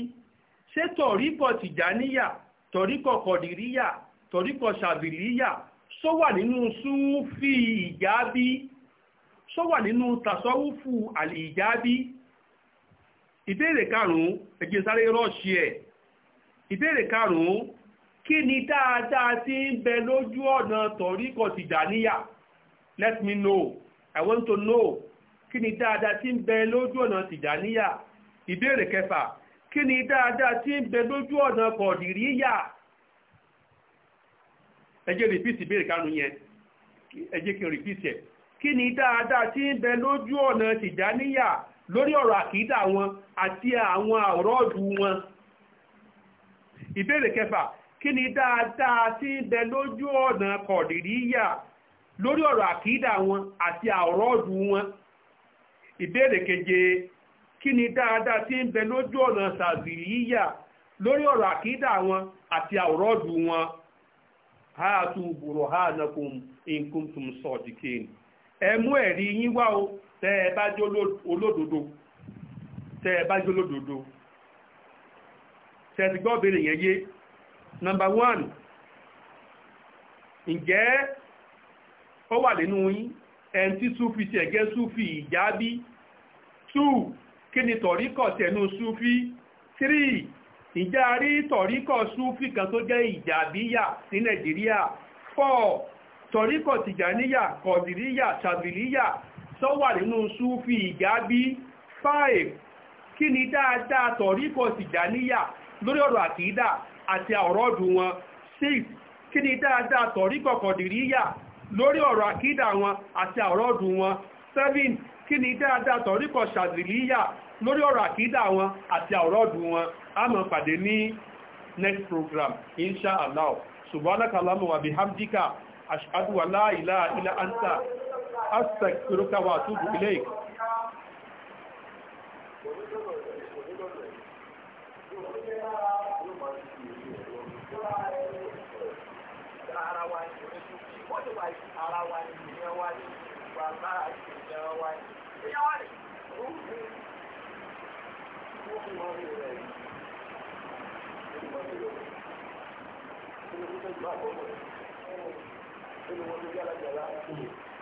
ṣé tọ̀ríkọ̀ tìjàníyà tọ̀ríkọ̀ kọ̀dìríyà tọ̀ríkọ̀ sàbìlíyà só wà nínú súfí ìjàbí sọ wà nínú tàṣọ́wúfù àlìjábí ìbéèrè karùn-ún ẹ̀jẹ̀ sáré rọ́ọ̀ṣì ẹ̀ ìbéèrè karùn-ún kí ni dáadáa tí ń bẹ lójú ọ̀nà tọ̀ríkọ̀ tìjàníyà let me know i want to know kí ni dáadáa tí ń bẹ lójú ọ̀nà tìjàníyà ìbéèrè kẹfà kí ni dáadáa tí ń bẹ lójú ọ̀nà kọ̀dìríyà ẹjẹ́ repeat ìbéèrè karùn-ún yẹn ẹjẹ́ kí n repeat ẹ̀ kí ni dáadáa tí ń bẹ lójú ọ̀nà tìjáníyà lórí ọ̀rọ̀ àkídà wọn àti àwọn àwòrọ́ọ̀dù wọn ìbéèrè kẹfà kí ni dáadáa tí ń bẹ lójú ọ̀nà kọ̀dìríyà lórí ọ̀rọ̀ àkídà wọn àti àwòrọ́ọ̀dù wọn ìbéèrè keje kí ni dáadáa tí ń bẹ lójú ọ̀nà sàzìríyà lórí ọ̀rọ̀ àkídà wọn àti àwòrọ́ọ̀dù wọn háàtú burhanakum in kuntum sadiqin Emu e ẹ̀rí yín wá o tẹ́ ẹ bá jẹ́ olódodo tẹ́ ẹ bá olódodo one ǹjẹ́ ó wà nínú yín ẹn tí súfì ẹ̀gẹ́ súfì two kí ni tẹ̀nu three ìjà rí kan tó jẹ́ nàìjíríà four tọ̀ríkọ̀ tìjàníyà kọ̀dìríyà ṣàbìlíyà sọ́wà nínú súfì ìgábí 5 kí ni dáadáa tọ̀ríkọ̀ tìjàníyà lórí ọ̀rọ̀ àkídà àti àwọ̀rọ̀dù wọn 6 kí ni dáadáa tọ̀ríkọ̀ kọ̀dìríyà lórí ọ̀rọ̀ àkídà wọn àti àwọ̀rọ̀dù wọn 7 kí ni dáadáa tọ̀ríkọ̀ ṣàbìlíyà lórí ọ̀rọ̀ àkídà wọn àti àwọ̀rọ̀dù wọn a máa pàdé ní next program insha Allah subhanaka Allahumma wa bihamdika أشهد أن لا إله إلا أنت أستغفرك وأتوب إليك Thank you. nínú wọn tó jẹ́ alájàlá